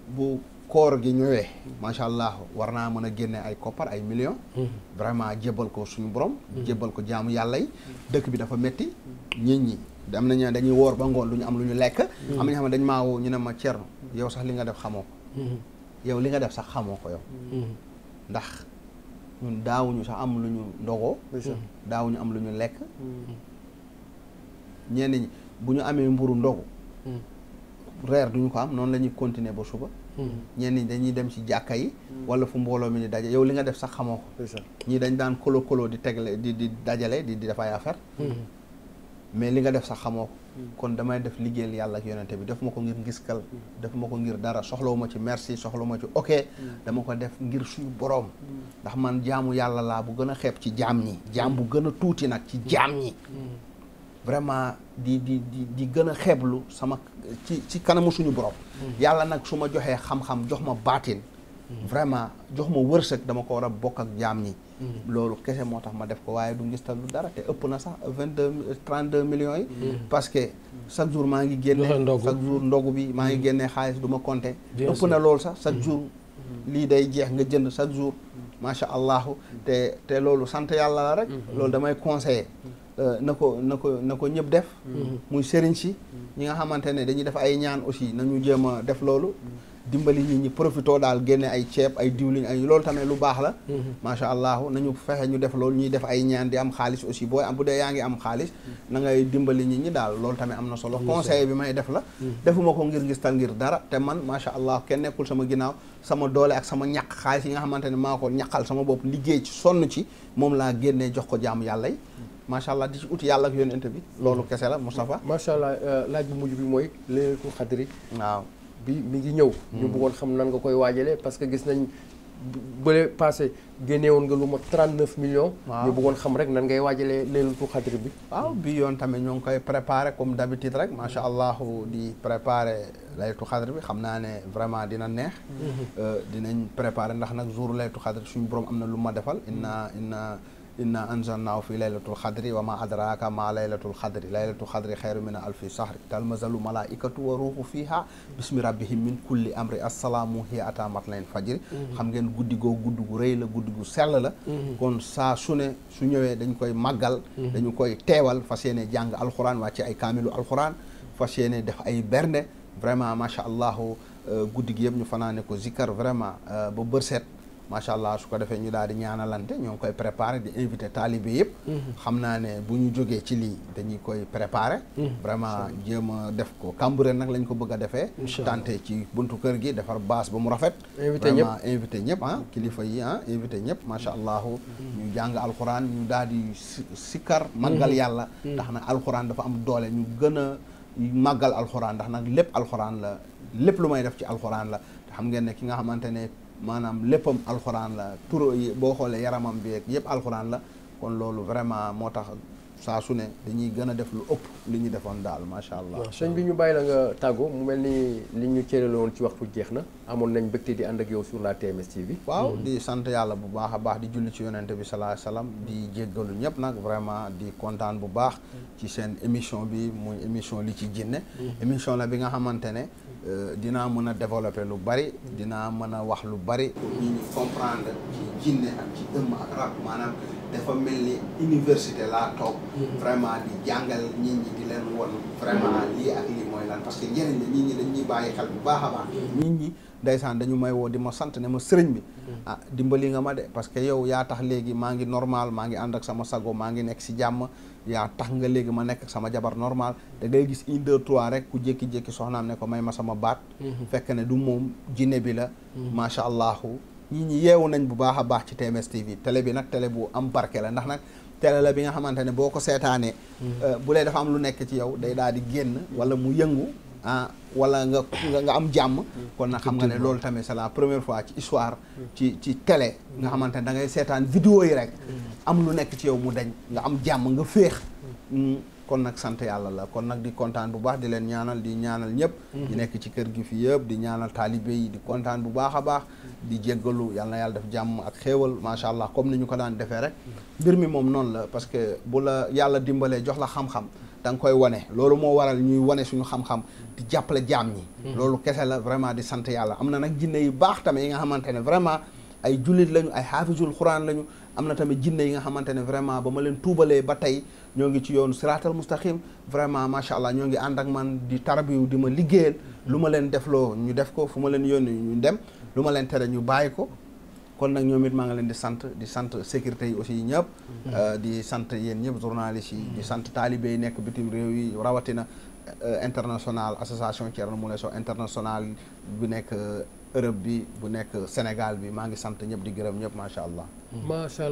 Speaker 2: bu koor gi ñëwee macha allah war naa mën a génne ay koppar ay million hmm. vraiment jébbal ko suñu borom. Hmm. jébbal ko jaamu yàlla yi. Hmm. dëkk bi dafa metti nit ñi am nañu dañuy woor ba ngoon lu ñu am lu ñu lekk. am xam ne dañu maa woo ñu ne ma yow sax li nga def xamoo li nga def sax xamoo ko yow. ndax sax am lu ñu ndogoo. daawuñu am lu ñu lekk. ñenn ñi bu ñu amee mburu ndogu. reer duñu ko am noonu la ñuy continuer ba suba hmm. ñenn ñi dañuy dem ci jàkka yi hmm. wala fu mbooloo mi di daje yow li nga def sax xamoo ko ñii dañ daan kolo kolo di tegle di di dajale di di def ay affaire hmm. mais li nga def sax xamoo ko kon damay def liggéeyal yàlla ak yonente bi def ma ko ngir ngiskal def ma ko ngir dara soxlawu ma ci merci soxlawu ma ci oke dama ko def ngir suñu boroom ndax man jaamu yàlla laa bu gën a xeeb ci jaam ñi jaam bu gën a tuuti nag ci jaam ñi vraiment di di di di gën a xeeblu sama ci ci kanamu suñu borom. Mm. yàlla nag su ma joxee xam-xam jox ma baatin. Mm. vraiment jox ma wërsëg dama ko war a bokk ak jaam ñi. Mm. loolu kese moo tax ma def ko waaye du ngis tal lu dara te ëpp na sax vingt deux trente deux millions yi. parce que chaque jour maa ngi génne. chaque jour ndogu bi maa ngi génnee xaalis du ma compter. ëpp na loolu sax chaque jour. lii day jeex nga jënd chaque jour. macha allah te te loolu sant yàlla la rek. Mm-hmm. loolu damay conseiller. Euh, na ko na ko na ko ñëpp def mm-hmm. muy sëriñ si ñi nga xamante ne dañuy def ay ñaan aussi nañu jéem a def loolu mm-hmm. dimbali nit ñi profito daal génne ay ceeb ay diwlin ay loolu tamit lu baax la mm-hmm. macha allah nañu fexe ñu def loolu ñuy def ay ñaan di am xaalis aussi am bu dee yaa ngi am xaalis na ngay dimbali nit ñi daal loolu tamit am na solo conseil bi may def la defuma ko ngir ngistal ngir dara te man macha allah kenn nekkul sama ginnaaw sama doole ak sama ñàkk xaalis yi nga xamante ne maa ko ñàkkal sama bopp liggéey ci sonn ci moom laa génnee jox ko jaamu yàlla macha allah di ci uti yàlla ak yónneent bi loolu kese la Moustapha. macha allah euh, laaj bu mujj bi mooy leelatul xadri. waaw bi mi ngi ñëw. Hmm. ñu buggoon xam nan nga koy waajalee
Speaker 1: parce que gis nañ bële passé génne woon nga lu ma 39 millions. waaw ñu bëggoon xam rek
Speaker 2: nan ngay waajalee leelatul xadri bi. waaw bi yoon tamit ñu ngi koy préparé comme d'habitude rek macha allah di préparé laytu xadri bi xam naa ne vraiment dina neex. Hmm. Euh, dinañ préparé ndax nag jour laytu xadri suñu borom am na lu ma defal inna inna. inna anzalnaahu fi laylatul xadri wa ma adraaka ma laylatul xadri laylatul xadri xayru min alfi sahri talmazalu malaikatu wa ruuxu fiiha bismi rabbihim min kulli amri assalaamu hiya ataa matlayin fajri mm-hmm. xam ngeen guddi goo gu rëy la guddi gu sell la mm-hmm. kon saa su ne su ñëwee dañ koy màggal mm-hmm. dañu koy teewal fa yéene jàng alxuraan wàcce ay kaamilu alxuraan fas yéene def ay bernde vraiment macha allah euh, guddi gi yëpp ñu fanaane ko zikkar vraiment euh, ba bërset macha allah su ko defee ñu daal di ñaanalante ñoo ngi koy préparé di invité taalibe yëpp. Mm-hmm. xam naa ne bu ñu jógee ci lii dañuy koy préparé. Mm-hmm. vraiment jéem a def ko Cambérène nag lañ ko bëgg a defee. tante ci buntu kër gi defar baas ba mu rafet. invité ñëpp vraiment invité ñëpp ah kilifa yi ah invité ñëpp macha allah. Mm-hmm. ñu jàng alxuraan ñu daal di sikkar màggal yàlla. ndax nag alxuraan dafa am doole ñu gën a màggal alxuraan ndax nag lépp alxuraan la lépp lu may def ci alxuraan la maanaam léppom alxuraan la tur boo xoolee yaramam bi yëpp alxuraan la kon loolu vraiment moo tax saa su ne dañuy gën a def lu ëpp li ñu defoon daal macha allah. sëñ bi
Speaker 1: ñu bàyyi la nga tàggoo mu mel ni li ñu cërale loolu ci waxtu jeex na amoon nañ bëgte di ànd ak yow sur la TMS TV. waaw mm-hmm. di
Speaker 2: sant yàlla bu baax a baax di julli ci yonente bi salaa salaam di jéggalu ñëpp nag vraiment di kontaan bu baax. Mm-hmm. ci seen émission bi muy émission li ci jinne mm-hmm. émission la bi nga xamante ne. Euh, dinaa mën a développer lu bari. dinaa mën a wax lu bari. pour ñu comprendre ci dafa mel ni université laa toog. Mm-hmm. vraiment di jàngal nit ñi di leen won vraiment mm-hmm. lii ak lii mooy lan parce que njëriñ la nit ñi dañ ñuy bàyyi xel bu baax a mm-hmm. ñi ndeysaan dañu may woo di ma sant ne ma sëriñ bi. ah dimbali nga ma de parce que yow yaa tax léegi maa ngi normal maa ngi ànd ak sama sago maa ngi nekk si jàmm. yaa tax nga léegi ma nekk sama jabar normal da ngay gis une deux trois rek ku jékki-jékki soxnaam ne ko may ma sama baat. fekk ne du moom jinne bi la. macha allahu. ñi ñi yeewu nañ bu baax a baax ci TMS TV tele bi nag tele bu am barke la ndax nag télé la bi nga xamante ne boo ko seetaanee mm-hmm. euh, bu lay dafa am lu nekk ci yow day daal di génn wala mu yëngu ah wala nga nga am jàmm mm-hmm. kon na xam nga ne loolu tamit c'est la première fois ci histoire mm-hmm. ci ci télé nga xamante ne da seetaan vidéo yi rek am lu nekk ci yow mu dañ nga am jàmm nga féex mm. kon nag sant yàlla la kon nag di kontaan bu baax di leen ñaanal di ñaanal ñëpp di mhm. nekk ci kër gi fi yëpp di ñaanal taalibe yi di kontaan bu baax a baax mhm. di jéggalu yàlla na def jàmm ak xéewal macha allah comme ni ñu ko daan defee rek mhm. mbir mi moom noonu la parce que bu la yàlla dimbalee jox la xam-xam da nga koy wane loolu moo waral ñuy wane suñu xam-xam di jàppale jaam ñi loolu kese la vraiment di sant yàlla am na nag jinne yu baax tamit yi nga xamante ne vraiment ay jullit lañu ay xaafisul xuraan lañu ne vraiment ba ñoo ngi ci yoonu siraatal mustaqim vraiment macha allah ñoo ngi ànd ak man di tarbiyu di ma liggéeyal lu ma leen defloo ñu def ko fu ma leen yónni ñu dem lu ma leen tere ñu bàyyi ko kon nag ñoom it maa ngi leen di sant di sant sécurité yi aussi ñëpp euh, di sant yéen ñëpp journalistes yi di sant taalibe yi nekk bitim réew yi rawatina euh, international association Thierno Moule Sow international bu nekk ërëb euh, bi bu nekk Sénégal bi maa ngi sant ñëpp di gërëm ñëpp macha allah
Speaker 1: macha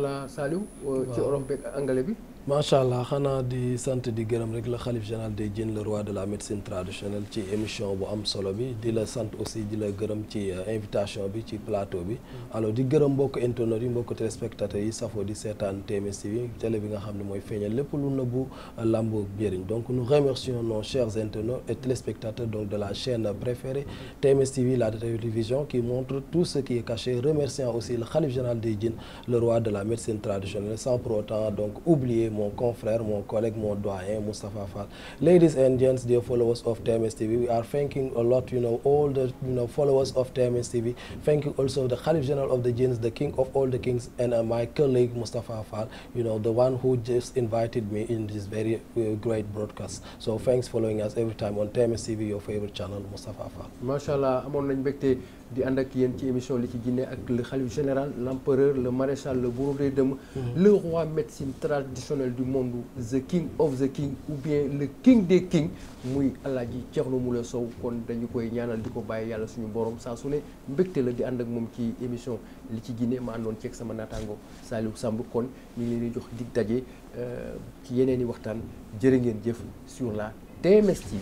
Speaker 1: bi
Speaker 3: macha allah xanaa di sant di gërëm rek la xalif général des Diènes le roi de la médecine traditionnelle ci émission bu am solo bi di la sant aussi di la gërëm ci euh, invitation bi ci plateau bi. Mm. alors di gërëm mbokk internet yi mbokk téléspectateurs yi safoo di seetaan TMS TV télé bi nga xam ne mooy feeñal lépp lu nëbbu euh, làmboog njëriñ donc nu remercions nos chers internautes et téléspectateurs donc de la chaîne préférée mm. TMS TV la télévision qui montre tout ce qui aussi le xalif général des Diènes le roi de la médecine traditionnelle sans pour autant donc oublier. mon confrère, mon colleague, mon doyen, Mustafa Fall. Ladies and gents, dear followers of TMS TV, we are thanking a lot, you know, all the followers of TMS TV. Thank also the Khalif General of the Jinns, the King of all the Kings, and uh, my colleague, Mustafa Fall, the one who just invited me in this very uh, great broadcast. So thanks following us every time on
Speaker 1: TMS TV, your favorite channel, Mustafa Fall. di ànd ak yéen ci émission li ci jinne ak le xalif général l' la le maréchal le bourreau des dëmm mhm. le roi médecine traditionnelle du monde the king of the king ou bien le king des kings muy alaaji Thierno Moule Sow kon dañu koy ñaanal di ko bàyyi yàlla suñu borom saa su ne la di ànd ak moom ci émission li ci jinne ma àndoon ceeg sama naataango Saliou Samb kon ñu ngi leen di jox dig daje euh, ci yeneen i waxtaan jërë ngeen jëf sur la TMS TV